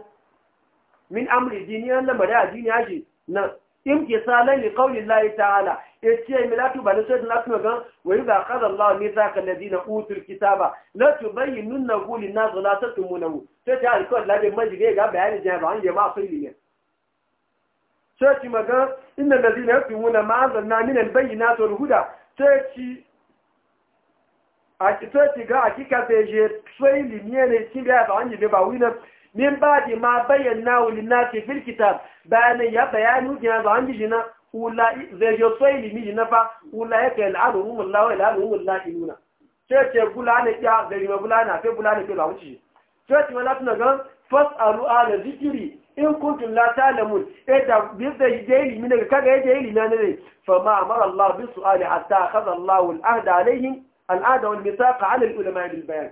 من أمر الدينيان لما رأى الدينيان نا imtisalan li qawli llahi ta'ala yace mai milatu ba sai na kuma ga wai ga qala Allah ni ka ladina utul kitaba la tubayyinunahu lin nas la tatumunahu sai ta alkol la da majige ga bayani ba an je jama'a sai ne sai ci maga inna ladina yaqimuna ma anzalna min al albayyinati wal huda sai ci a ci sai ci ga akika sai je sai ne ne ci ga ba an je ba wina من بعد ما بيناه للناس في الكتاب بأن يبيانه جنب عن جنا ولا زي يسوي لمي جنفا ولا يكل عنهم الله ولا عنهم الله إلونا شو شو بقول أنا يا زي ما بقول أنا في بقول أنا في لاوشي شو شو ما لفنا جن فس أرو أنا ذكري إن كنت لا تعلمون إذا بيزا يجيلي من الكاكا يجيلي من الناس فما أمر الله بالسؤال حتى أخذ الله الأهد عليهم الأهد والمثاق على الأولماء للبيان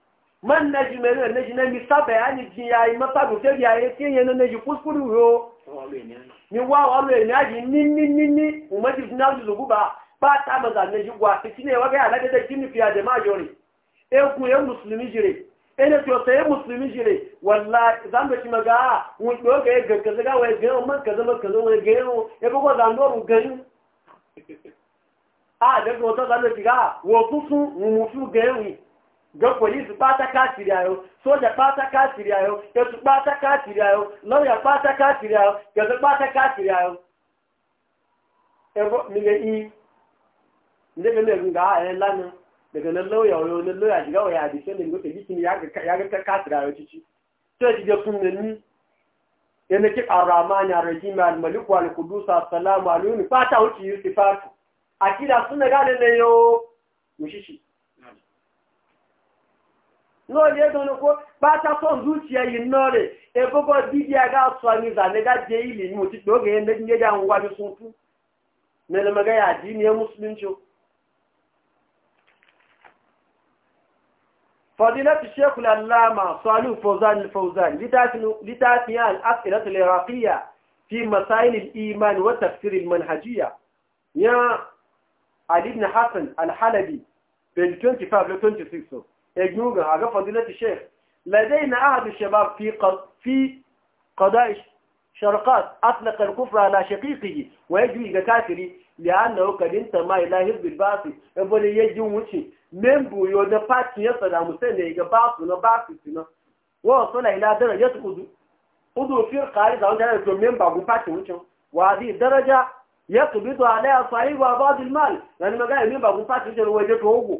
man na ji mere na ji na mi sabe ya ni ji ya yi masa go se ya ye ti yen na ji kuskuru yo mi wa wa lo ni aji ni ni ni ni o ma ti na ju zugu ba ba ta ma za na ji gwa ti ne wa ga ala de ji ni fi ade ma jori e ku e muslimi jire e ne to se muslimi jire wallahi zan be ti ma ga un do ga ga ka ga wa ga o ma ka da ma ka do ma ga e ko ga zan do ru ga a de ko to zan be ti ga wo fufu mu mu fu ga ga polisi pata kafiri ayo soja pata kafiri ayo yasu pata kafiri ayo lauya pata kafiri ayo gaza pata kafiri ayo ebo mi ga i nde ga ne ga ayo lana daga na lauya oyo nan lauya diga waya di sai ngo tebi kin ya ga ya ga kafiri ayo cici sai diga kun ne ni yana ki arrahman arrahim al-malik wal qudus assalamu alayhi fata wuci yusufa akida sunna ga ne yo mushishi n'oge dị n'ụkwụ kpachapụ ndụ uche ya yi n'ọrịa ebubo dibia ga asụ anyị za nega dị ili n'ime otito oge ya nye ya ngwa jụsụ mpụ mere mere ya dị n'ihe musulmi nchụ fọdụ na tụchie kwula lama sọlụ fọzan fọzan litafi ya asịrịtụlị rafiya fi masayin iman wa tafsir manhajiya ya alibna hassan alhalabi 25 26 يجوغا حاجة فضيلة الشيخ لدينا أحد الشباب في في قدائش شرقات أطلق الكفر على شقيقه ويجوي كافري لأنه قد انتمى إلى حزب الباطل يقول يجي وشي ممبو يودفات يصل مسلم إلى باطل باطل ووصل إلى درجة خذو خذو في القارئ عن جانب ممبا وفات وشي وهذه الدرجة يقبض عليها صاحب بعض المال يعني ما قال ممبا وفات وشي وجدته هو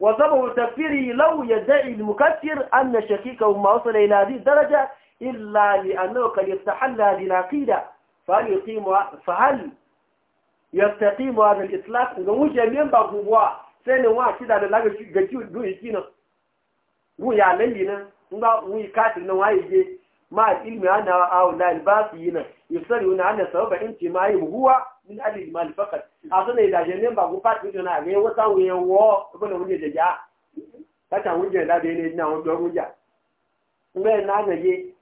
وسبب تكفيره لو يدعي المكفر أن شقيقه ما وصل إلى هذه الدرجة إلا لأنه قد استحل هذه العقيدة فهل يقيم فهل يستقيم هذا الإطلاق نقول جميعا بقوة سنة واحدة على لاجل جيو جيو جيو جيو جيو جيو جيو جيو ma ilmi ana wa awon na albafi yi nan yusari wani ana sababa in ce ma yi buhuwa min alil ma alifakar a suna yi dajen ne ba ku fati wujo na ne wata wuye wo abin na wuje da ja kata wuje da da yi ne na wujo wuja kuma yana na ye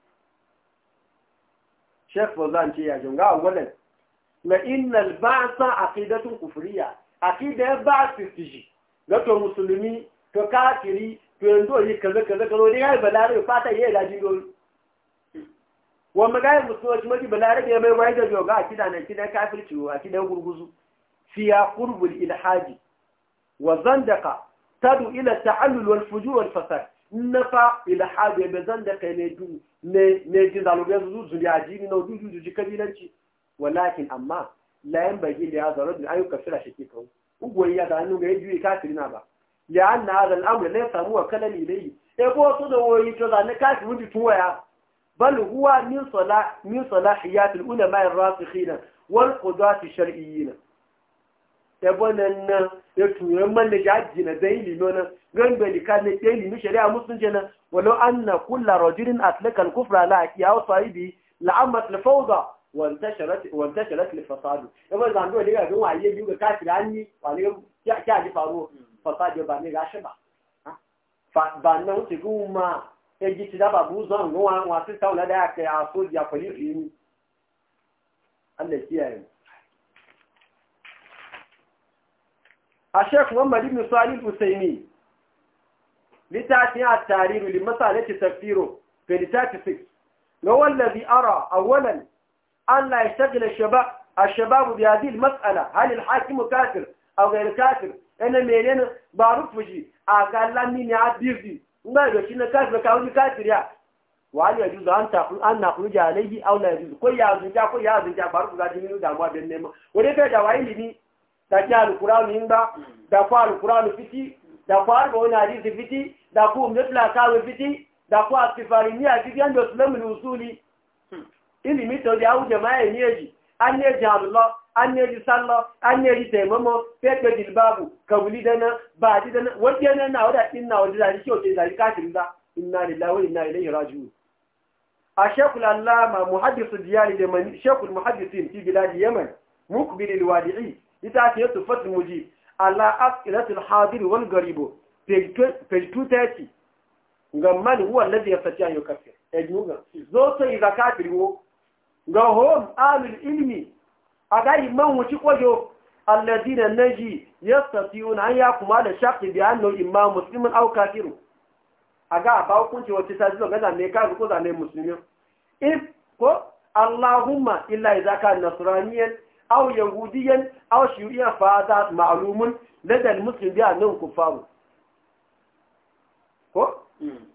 shek fozan ce ya jonga a wadan na inna albasa a kidatun kufuriya a kidan ba su fiji ga to musulmi to kafiri to yanzu yi kaza-kaza-kaza wani ya yi balarai fata yi da daji dole wa magayar musulunci mafi balarabe ya mai wayar da joga a kidan na kidan kafirci a kidan gurguzu fiya qurbul ilhaji wa zandaka tadu ila ta'allul wal fujur wal fasad nafa ilhaji be zandaka ne du ne ne jin zalube zuzu zuriyaji ne no duju duji kabilanci walakin amma la bai bagi ya zaro da ayyuka sira shi kiko ugoyi ya da hannu ga yi kafirina ba ya anna hadha na amr laysa huwa kalal ilayhi e ko so da woyi to da kafin kafirin tun waya بل هو من صلاح من صلاحيات العلماء الراسخين والقضاة الشرعيين yabonan ya turan man da jaji na zai limona gan bai ka ne dai limi shari'a musulunci na walau anna kulla rajulin atlaka al-kufra la ya wa sahibi la amat al-fawda wa intasharat wa intasharat al-fasad yabo zan do daga gan shi ba ba wuce ẹgbẹ́ ti dábàá bú zọ́n ní wọn wọn sísá wọn lẹ́dàá kẹ àfọ́jì àpọ̀lẹ́fì ní alẹ́kí ẹ̀rìn. الشيخ محمد بن صالح الحسيني لتاتي التعرير لمسألة تفسيره في لتاتي 6 وهو الذي أرى أولا أن لا يشتغل الشباب الشباب بهذه المسألة هل الحاكم كافر أو غير كافر أنا ميلين بعرف وجي أقل مني عبيزي nga ga shi na kafir ka wani kafir ya wa ya juzu an ta an na kuja alaihi aw la juzu ko ya zunja ko ya zunja bar ku ga dinin da mu da nema wani kai da wayi ni da ki alqur'ani inda da ku alqur'ani fiti da ku arba wani hadisi fiti da ku mutla ka fiti da ku asifari ni a cikin da sulamu usuli hmm. ilimi to da hu jama'a ne ji an ne ji Allah an ne ji sallah an ne ji taimamo fekwe babu kawuli dana ba ji dana wajen nan na wada ɗin na wadda zari kyau ce zari kafin za inna lillahi wa inna ilaihi raji'un a shekul allama muhaddisu diyari da mani shekul muhaddisin fi biladi yaman mukbil alwadi'i ita ce yatu fatul muji ala as'ilatul hadir wal garibo page 230 ga man huwa alladhi yastati an yukaffir ejnuga zo sai zakati wo ga hom alul ilmi aga imam wuci kwajo alladina naji yastati'un an ya kuma da shafi shaqi bi annahu imam muslimun aw A ga ba hukunci wace ta zuwa ga zane ka ko zane musulmi if ko allahumma illa idza ka nasraniyan au yahudiyan aw shiyu'iyyan fa hada ma'lumun lada almuslim bi ku kuffaru ko hmm.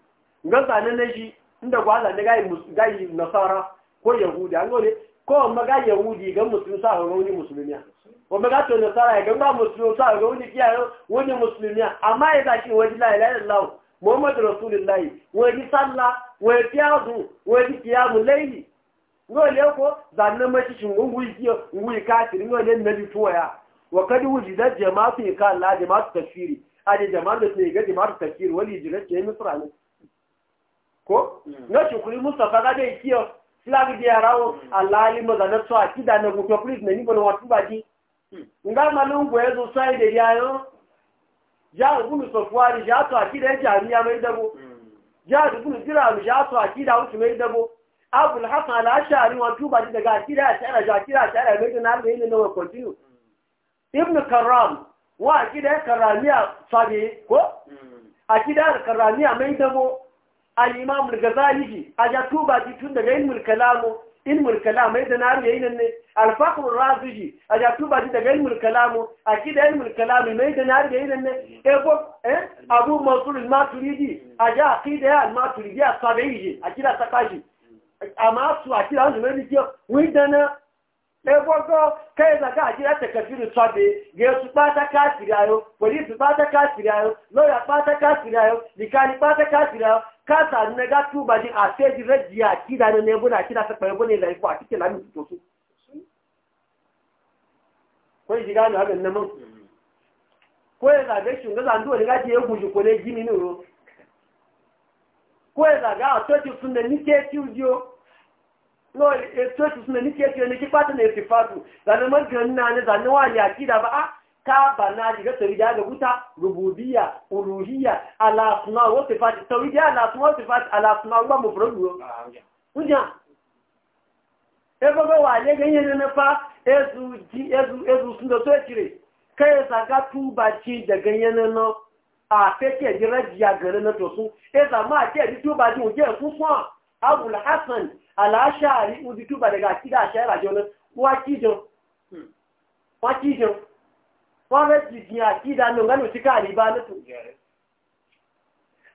ga zane naji inda gwaza ne ga nasara ko yahudi an gole ko maga yahudi ga musulmi sa horo wani musulmiya ko maga to nasara ga ba musulmi sa horo wani kiyaye wani musulmiya amma ya zaki waji la ilaha illallah muhammadu rasulullahi waji sallah waji fiyazu waji kiyamu laili ngo le ko zanna mashi shingun gui kiyo ngui kafiri ngo le nabi toya wa kad wujida jama'atu ka la jama'atu tafsiri ade jama'atu ne ga jama'atu tafsiri wali jira ke misra ne ko mm. na shukuri mustafa ga dai kiyo flag di ara alali mazana da to akida na gugu please na ni bono watu baji nga malungu ezo side ya yo ja so sofwari ja to akida ja ni ya mai dabo ja gunu sira ja to akida wuce mai dabo abul hasan al-ashari wa tuba daga akida ashara ja akida ashara mai na mai ne no continue ibn karam wa akida karamiya sabi ko hmm. akida ah, karamiya mai dabo al-imam al-ghazali ji a ja tuba ji tun daga ilmul kalamu ilmul kalam yadda na rubuta yayin ne al-fakhr ar-razi ji a ja tuba ji daga ilmul kalamu akida ilmul kalamu mai da na rubuta yayin ne eh ko eh abu mansur al-maturidi a ja akida al-maturidi as-sabai ji akida sakaji amma su akida eh, su mai ji windana ɗaifogo kai zaga a gida ta kafiru tsobe ga yasu ɓata kafirayo polisi ɓata kafirayo lawyer ɓata kafirayo likani ɓata kafirayo kasa na ga tuba din a sai ji rajiya kida ne ne buna kida ta kwaye bune zai ko a cikin lamin to su ko ji gano hakan nan mun ko ya zaga shi ga zan duwa ga je guji ko ne gini ne ro ko ya zaga a to ti sunna ni ke ti ujo no e to ti sunna ni ke ti ne ki pata ne ti fatu zan man ganna ne zan wa ya kida ba a ka ba na ji ga tawida ga guta rububiyya uluhiyya ala asma wa sifat tawida ala asma wa sifat ala asma wa mufradu ah, kunya e ba ga wale ga yin na fa ezu ji ezu ezu sun da to e kire kai sa e ga tuba ci da ne na a feke ji rajiya gare na to su e za ma ke ji tuba ji uje ku fun abul hasan ala shari uji tuba daga kida shara jona wa kijo hmm. wa kijo kwanar jikin da nan gano cika aliba na su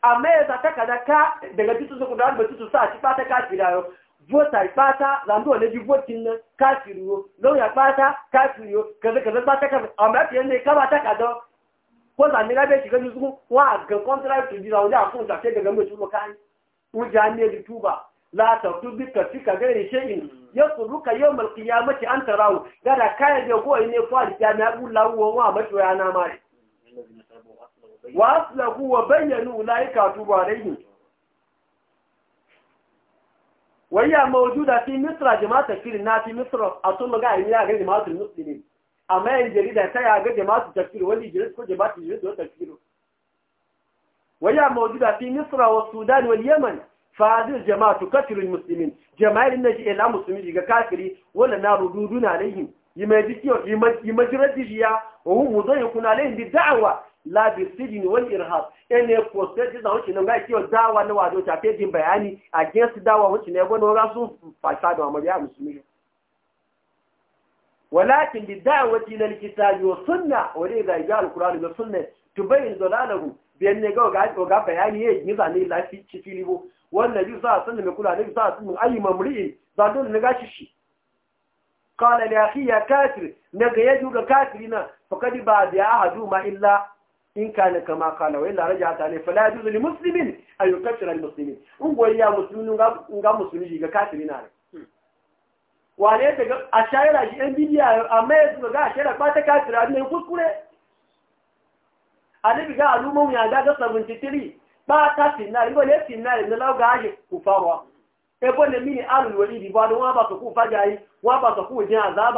amma ya zata kada ka daga titu su kudan ba titu sa ci fata kafira yau vota fata zambo na ji votin nan kafiri yau lauya fata kafiri yau kaza kaza fata kaza amma fiye ne ka bata kada ko zami na bai shiga nusu wa ga contract to jira wani akun da ke daga mai tuba kai wuja ne da tuba la ta tubi ka fika gairi shay'in yasruka yawmal qiyamati an tarahu dada kaya de ko ne fa na jami'a gullahu wa ma bato ya na mare wa aslahu wa bayyanu laika tu alayhi wa ya mawjuda fi misra jama'at fil na fi misra atul ga ni ya ga jama'at muslimin amma in jeli da ta ya ga jama'at takfir wali jiris ko jama'at jiris do takfir wa ya mawjuda fi misra wa sudan wa yaman fadil jama'atu katirul muslimin jama'ir na ji ila musulmi ga kafiri wala na rududuna alaihim yimajiyo yimajiradiya wa hum mudayyikun alaihim bi da'wa la bi sijin wal irhab ene ko sai da wuce nan ga kiyo dawa na wado ta fe jin bayani against dawa wuce ne gona ga su fasa da amariya musulmi ولكن بالدعوة إلى الكتاب والسنة ولذا جاء القرآن والسنة تبين ضلاله بأن يقول وقع بياني يجمع عن الله في تشفي wannan biyu za a sanin mai kula da nabi za a sanin ayi mamri'i za dole na gashi shi qala li akhi ya kafir na ga yaji ga kafiri na faqad ba da ahadu ma illa in ka kana kama qala wa illa raja'ata ne fala yajuz musulmin? muslimin ay yukaffir al muslimin in goyya muslimin ga ga musulmi ga kafiri na ne wane ta ga ashaira shi yan bidiya amma yanzu ga ashaira ba ta kafira ne kuskure annabi ga alumma ya ga 73 pátá ta níbo lè fìnnárì ní lọ́gà ayé kò fáwọ́ ẹgbẹ́ ní mí ni alùlùwẹ̀ ìdí bọ́ọ̀dù wọ́n ba sọ̀kú fájà yìí wọ́n bá sọ̀kú ti fa ńgbà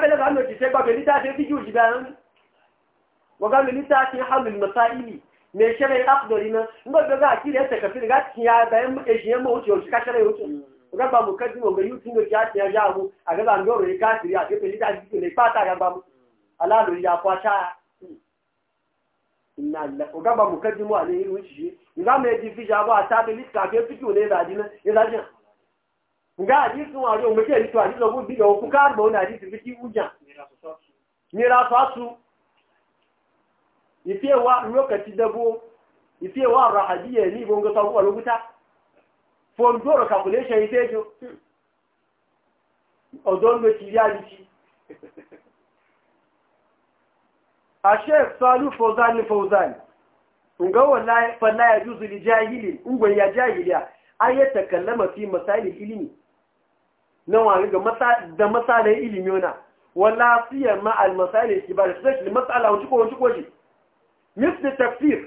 bẹ́lẹ̀ bá lọ jìṣẹ́ gbàgbé níta ṣe fíjì òjì bẹ́ẹ̀ ń. wọ́n gbàgbé níta ṣe hàmìlì mọ̀tá ìlì ní ìṣẹ́lẹ̀ ìlàkùdọ̀rì náà raba mu kaji mu ga yutin da ya tiya mu a ga zan doro ne ala ya kwata inna la o mu ale yi wuci ila me ji fi ja ba ta be lit ne nga ji sun a yo mu ke to a ji lo uja ni ra fa su ifewa lokaci dabo ni bonga ta ku fondoro calculation itejo odondo oh, a ashef salu fozani fozani ngo wallahi falla ya juzu li jahili ngo ya jahiliya ay yatakallama fi masail al ilmi masalil wa na mata da masalai ilmi ona wala siya ma al masail al kibar especially masala wuce ko wuce ko shi misli tafsir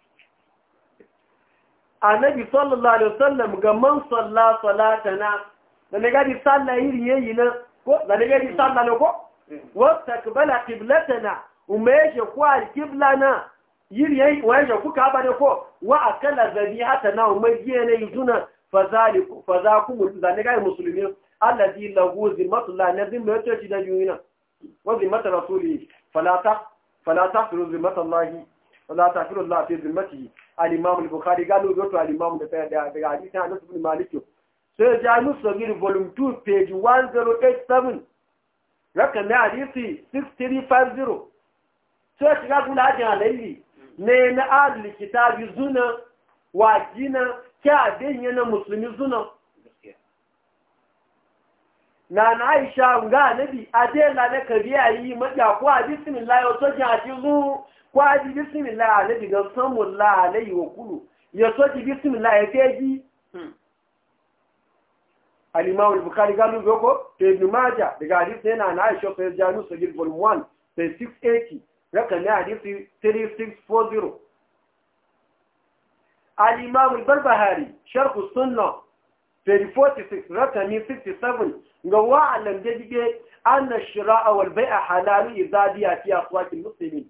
annabi sallallahu alaihi wasallam ga man salla salatana da ne gadi salla iri yayi na ko da ne gadi salla ne ko wa takbala qiblatana umeje ko al qiblana yiri yayi waje ku ka bane ko wa akala zabihatana umeje ne yuna fazaliku fazakum da ne gadi muslimin alladhi lahu zimmatu la nazim ba yace da yuna wa zimmatu rasuli fala ta fala ta zimmat Allah fala ta fi zimmatihi al-imam al-bukhari galu goto al-imam da sai daga hadisi Anas ibn Malik sai jami'u sagir volume 2 page 1087 rakami hadisi 6350 sai shiga kula ajin alayli ne na adli kitabi zuna wa jina kya denye na musulmi zuna na na aisha ga nabi ajela na kabiya yi maɗa ko a bismillah yau sojin a cikin kwaji bismillah alaji ga samun la wa kulu ya soji bismillah ya teji hmm. al bukhari galu goko te ibn majah daga hadith yana na aisha sai janu sagir volume 1 te 680 rakami hadith 3640 al barbahari sharh sunnah sunnah 46 rakami 67 ga wa'alam da dige anna shira'a wal bai'a halalu idza fi aqwat al-muslimin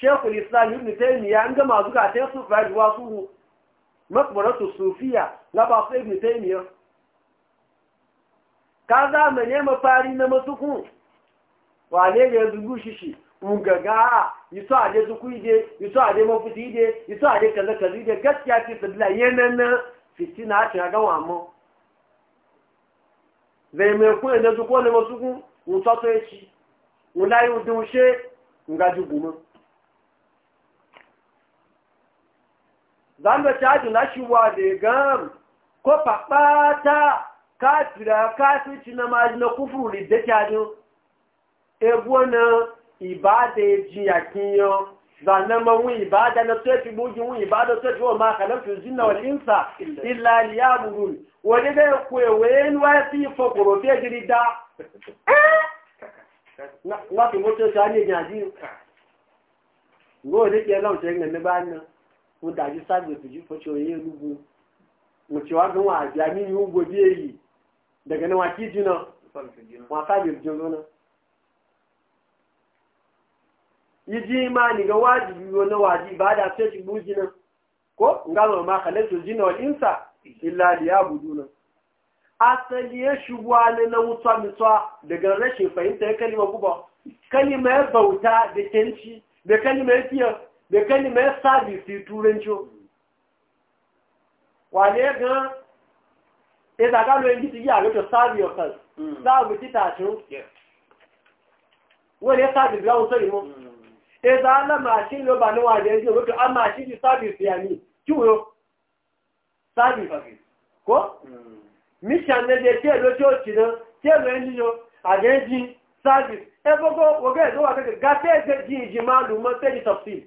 shekul islam ibn taymiya an gama zuka ta su fajuwa su makbaratu sufiya na ba su ibn taymiya ka za mu ne mafari na masuku wane ne zugu shishi ungaga yiso aje zuku ide yiso ade mafuti ide yiso ade kaza kaza ide gaskiya ce sabila yanan fitina ta ga wa mu zai mai ku ne zuku ne masuku mu yaci mulai udun ga jugu gumu zanda caji na shiwa da gam ko faɓata kafira kafirci na maji na kufuri da cajin ebuwa na ibada ya ji yakin zanen ma wun ibada na wun ibada wa fi wa insa illa liya wani da ya kwewe nyc fokoro na ne ngo da ke launce nan mo dàjú sáàgbèsì jù fọ́tí yé lúgbù mo ti wá gan wọn àti àmì ìwé ń èyí dẹ̀gẹ̀ náà wọn kí jìnnà wọn sáàgbèsì jù lọ́nà. ìdí máa nìkan wájú ìwé náà wájú ìbáàdà tó ti jìnnà ko nga ma insa illa liyabuduna ya shubwa ne na daga rashin fahimtar kalima guba kalima ya bauta da kenci da kalima da kalimar sabisi turanci wane gan ìdàgálò ẹni ti yí àrẹ́tọ̀ sáàbì ọ̀kan sáàbì títà àtún wọ́n lè sáàbì bí wọ́n sọ́rọ̀ mọ́ ìdà alámàṣí ló bà níwọ̀n àjẹ́ ìjọ lókè amáṣí ti sáàbì sí àmì kíwòrò sáàbì kó míṣàn mission tí èlò tí ó ti náà tí èlò ẹni yọ àjẹ́ ìjì sáàbì ẹgbogbo ogẹ́ ma kẹ́kẹ́ gá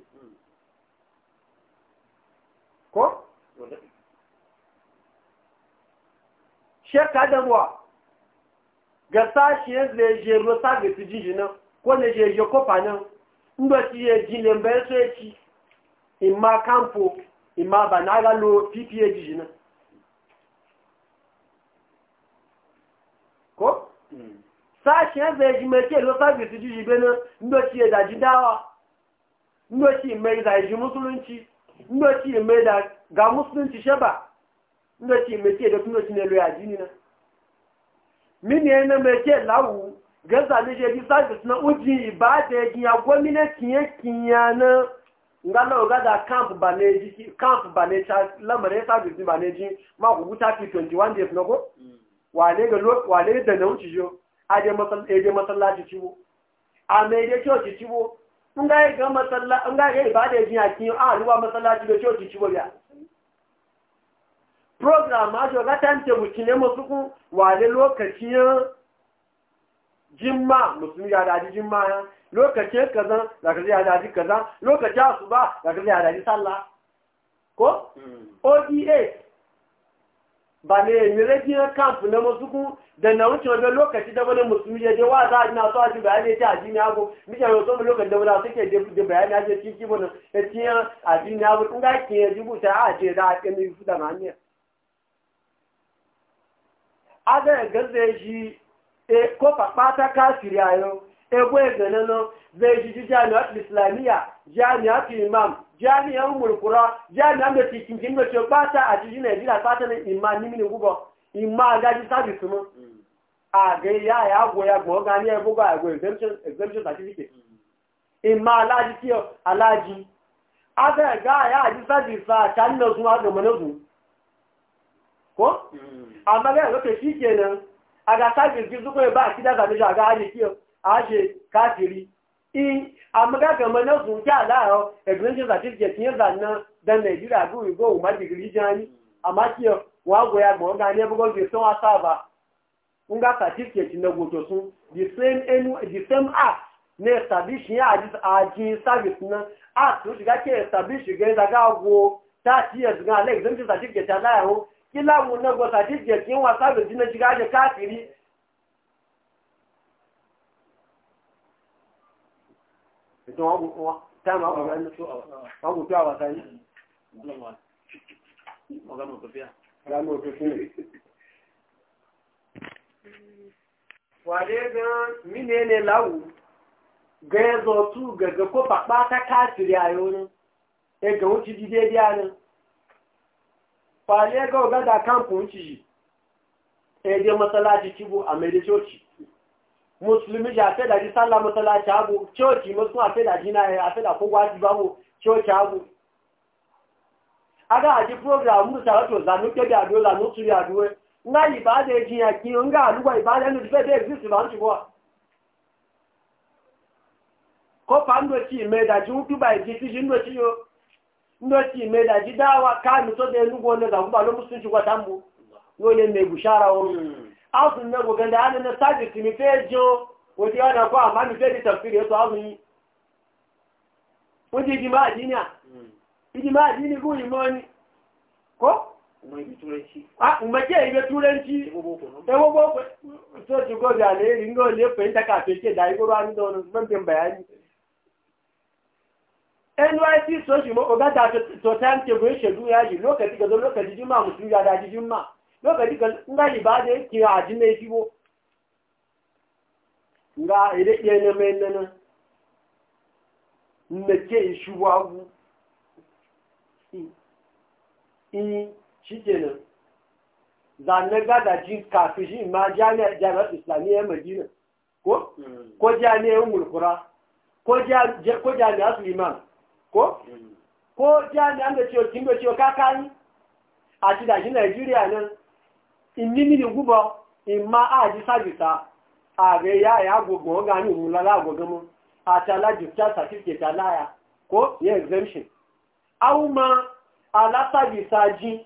ko shekka da buwa ga sashen zai je rosa ga su jiji nan ko na je je kofa nan inda su yi jile bayan su yaki imma kamfo imma ba na galo ppa jiji nan ko hmm. sashen zai ji mai ke rosa ga su jiji benin inda su yi daji dawa inda su yi mai zai ji musulunci ndoci mai da ga musulunci shaba ndoci mai ce da ndoci ne loya jini na mini yana mai ce lawu gaza ne je bi na uji ibada ya ginya gwamnati ya kinya na ngala oga da camp ba ne ji camp ba ne ta lamare service ba ne ji ma ku buta fi 21 days na ko hmm. wale ga lo wale da na wuci jo a je e masallaci ciwo a mai da ci ciwo in ga ga ga a ruwa masallaci da coci ci bobiya program ma so ga tante mutune jimma musulmi ya daji jimma ya lokacin kaza da kaza ya daji kaza lokacin asuba da kaza ya daji sallah ko hmm. oda e ba ne mi rajin camp na musuku da na wuce wajen lokaci da wani musulmi ya je wa za a na so a ji bayani ta addini hago mija yau so lokaci da wani suke da bayani a ce ciki bana ya ci in ga ke ya rubuta a ce za a ce ne su da maniya a ga gaza shi e ko papata kafiri ayo egwe ganano zai ji ji jami'ar islamiyya jami'ar imam jami'ar mulkura jami'ar da cikin jin da ce ba ta a jiji najeriya ba ta na imani mini gubo imma sabi su mu àgẹ́ ya àyàgbò yàgbò ọ̀gá ní ẹgbógbà àgbò exemption certificate ìmá aláàjí tí aláàjí abẹ́ẹ̀gá àyà àjí sẹ́dìsà àṣánilọ́sùn agbẹ̀mọ́lọ́gùn kó ko lókè sí ìkẹ́nà àgá sáàjì zúkọ́ ìbá àkídàgbà méjọ àgá àyè kí àṣe káàkiri i àmọ́gẹ́ gbẹ̀mọ́lọ́gùn kí àláàrọ̀ exemption certificate yẹn zà ná dẹ nàìjíríà gúrùgbò òmà dìgírí jẹ́ àmá kí wọ́n àgbò yàgbò ọ̀gá ní ẹgbógbà nga certificate na goto sun the same act na establish ya service na act to shiga ke establish ga da ga go 30 years ga le exemption certificate ala kila mu na go certificate yin wa service na shiga ga kafiri ito wa wa wa wale gan mine ne lawu ga ya zo tu gaga ko papa ta kafiri a yau ne e ga wuce ji dai biya ne wale ga ga da kan kun ci e dai masalaci kibo a mai da coci musulmi ja fe da ji sallah masalaci abu coci musu a fe da ji na a fe da ko gwaji babu coci abu aga aji program musa wato zanu ke da do zanu turi aduwe nga ibada ejiya kiyo nga alugwa ibada ya tife de exist ba nchi ko fa ndo meda ji utu ba ji ti ji ndo ji dawa ka mi to de nugo ne ga ba lo musu tambu yo le me o hmm. ne go ganda na saji ti mi fejo o ti ana kwa ma mi tafsiri ni o ji ji ma ji ni a ji umarci ya yi turanci ɗaya boko so ti gobe a lairi inga wani ya fahimta da igoro an nyc so shi ma ogata to ya shi lokaci ga lokaci jima musu ya daji jima lokaci ga nga ba da yake a jina ya shigo nga ire iya na mai nana na ke shi shi kenan zanen gada ji kafin shi ma jami'ar islamiyyar madina ko mm. ko jami'ar mulkura ko jami'ar suleiman ko mm. ko jami'ar da ciwo kin da kakani a ti daji nigeria nan in ni mini gubo in ma a ji sabisa a ga ya ya gogon oga ni mulala agogon mu a ta laji ta certificate alaya ko ya exemption au ma alasabisa ji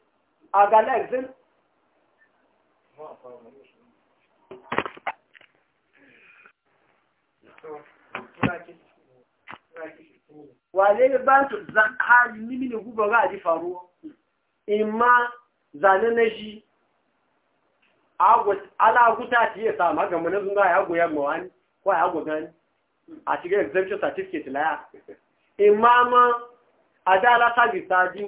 a ga lexin wale ne ba ma zane shi ala guta ta yi samu haka mana sun ga ya goya mawa ko ya goga ne a cikin exemption certificate ma a da ala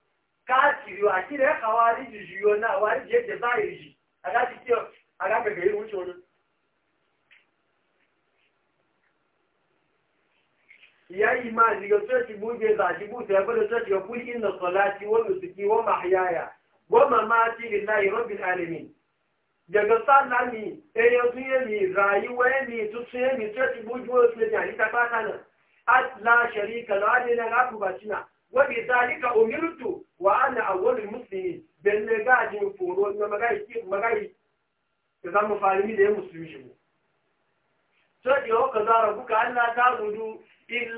kafiri wa kire ya kawari jijiyo na wari je da zai ji a ga tiyo a ga ga yi wuce wani ya yi ma ni ga tsoci buge za shi bu ta bada tsoci ga kul inna salati wa nusuki wa mahyaya wa mamati lillahi rabbil alamin daga sallah ni e yanzu ya mi rayuwa ni tutsu ya mi tsoci buge wa tsoci a ni ta fata nan at la sharika la ne na ga ku bacina wa bi zalika umirtu wa ana awwalul muslimin dan ne ga jin foro na magai ki magai da ya falimi da musulmi shi so di o kaza rabbuka alla ta'budu illa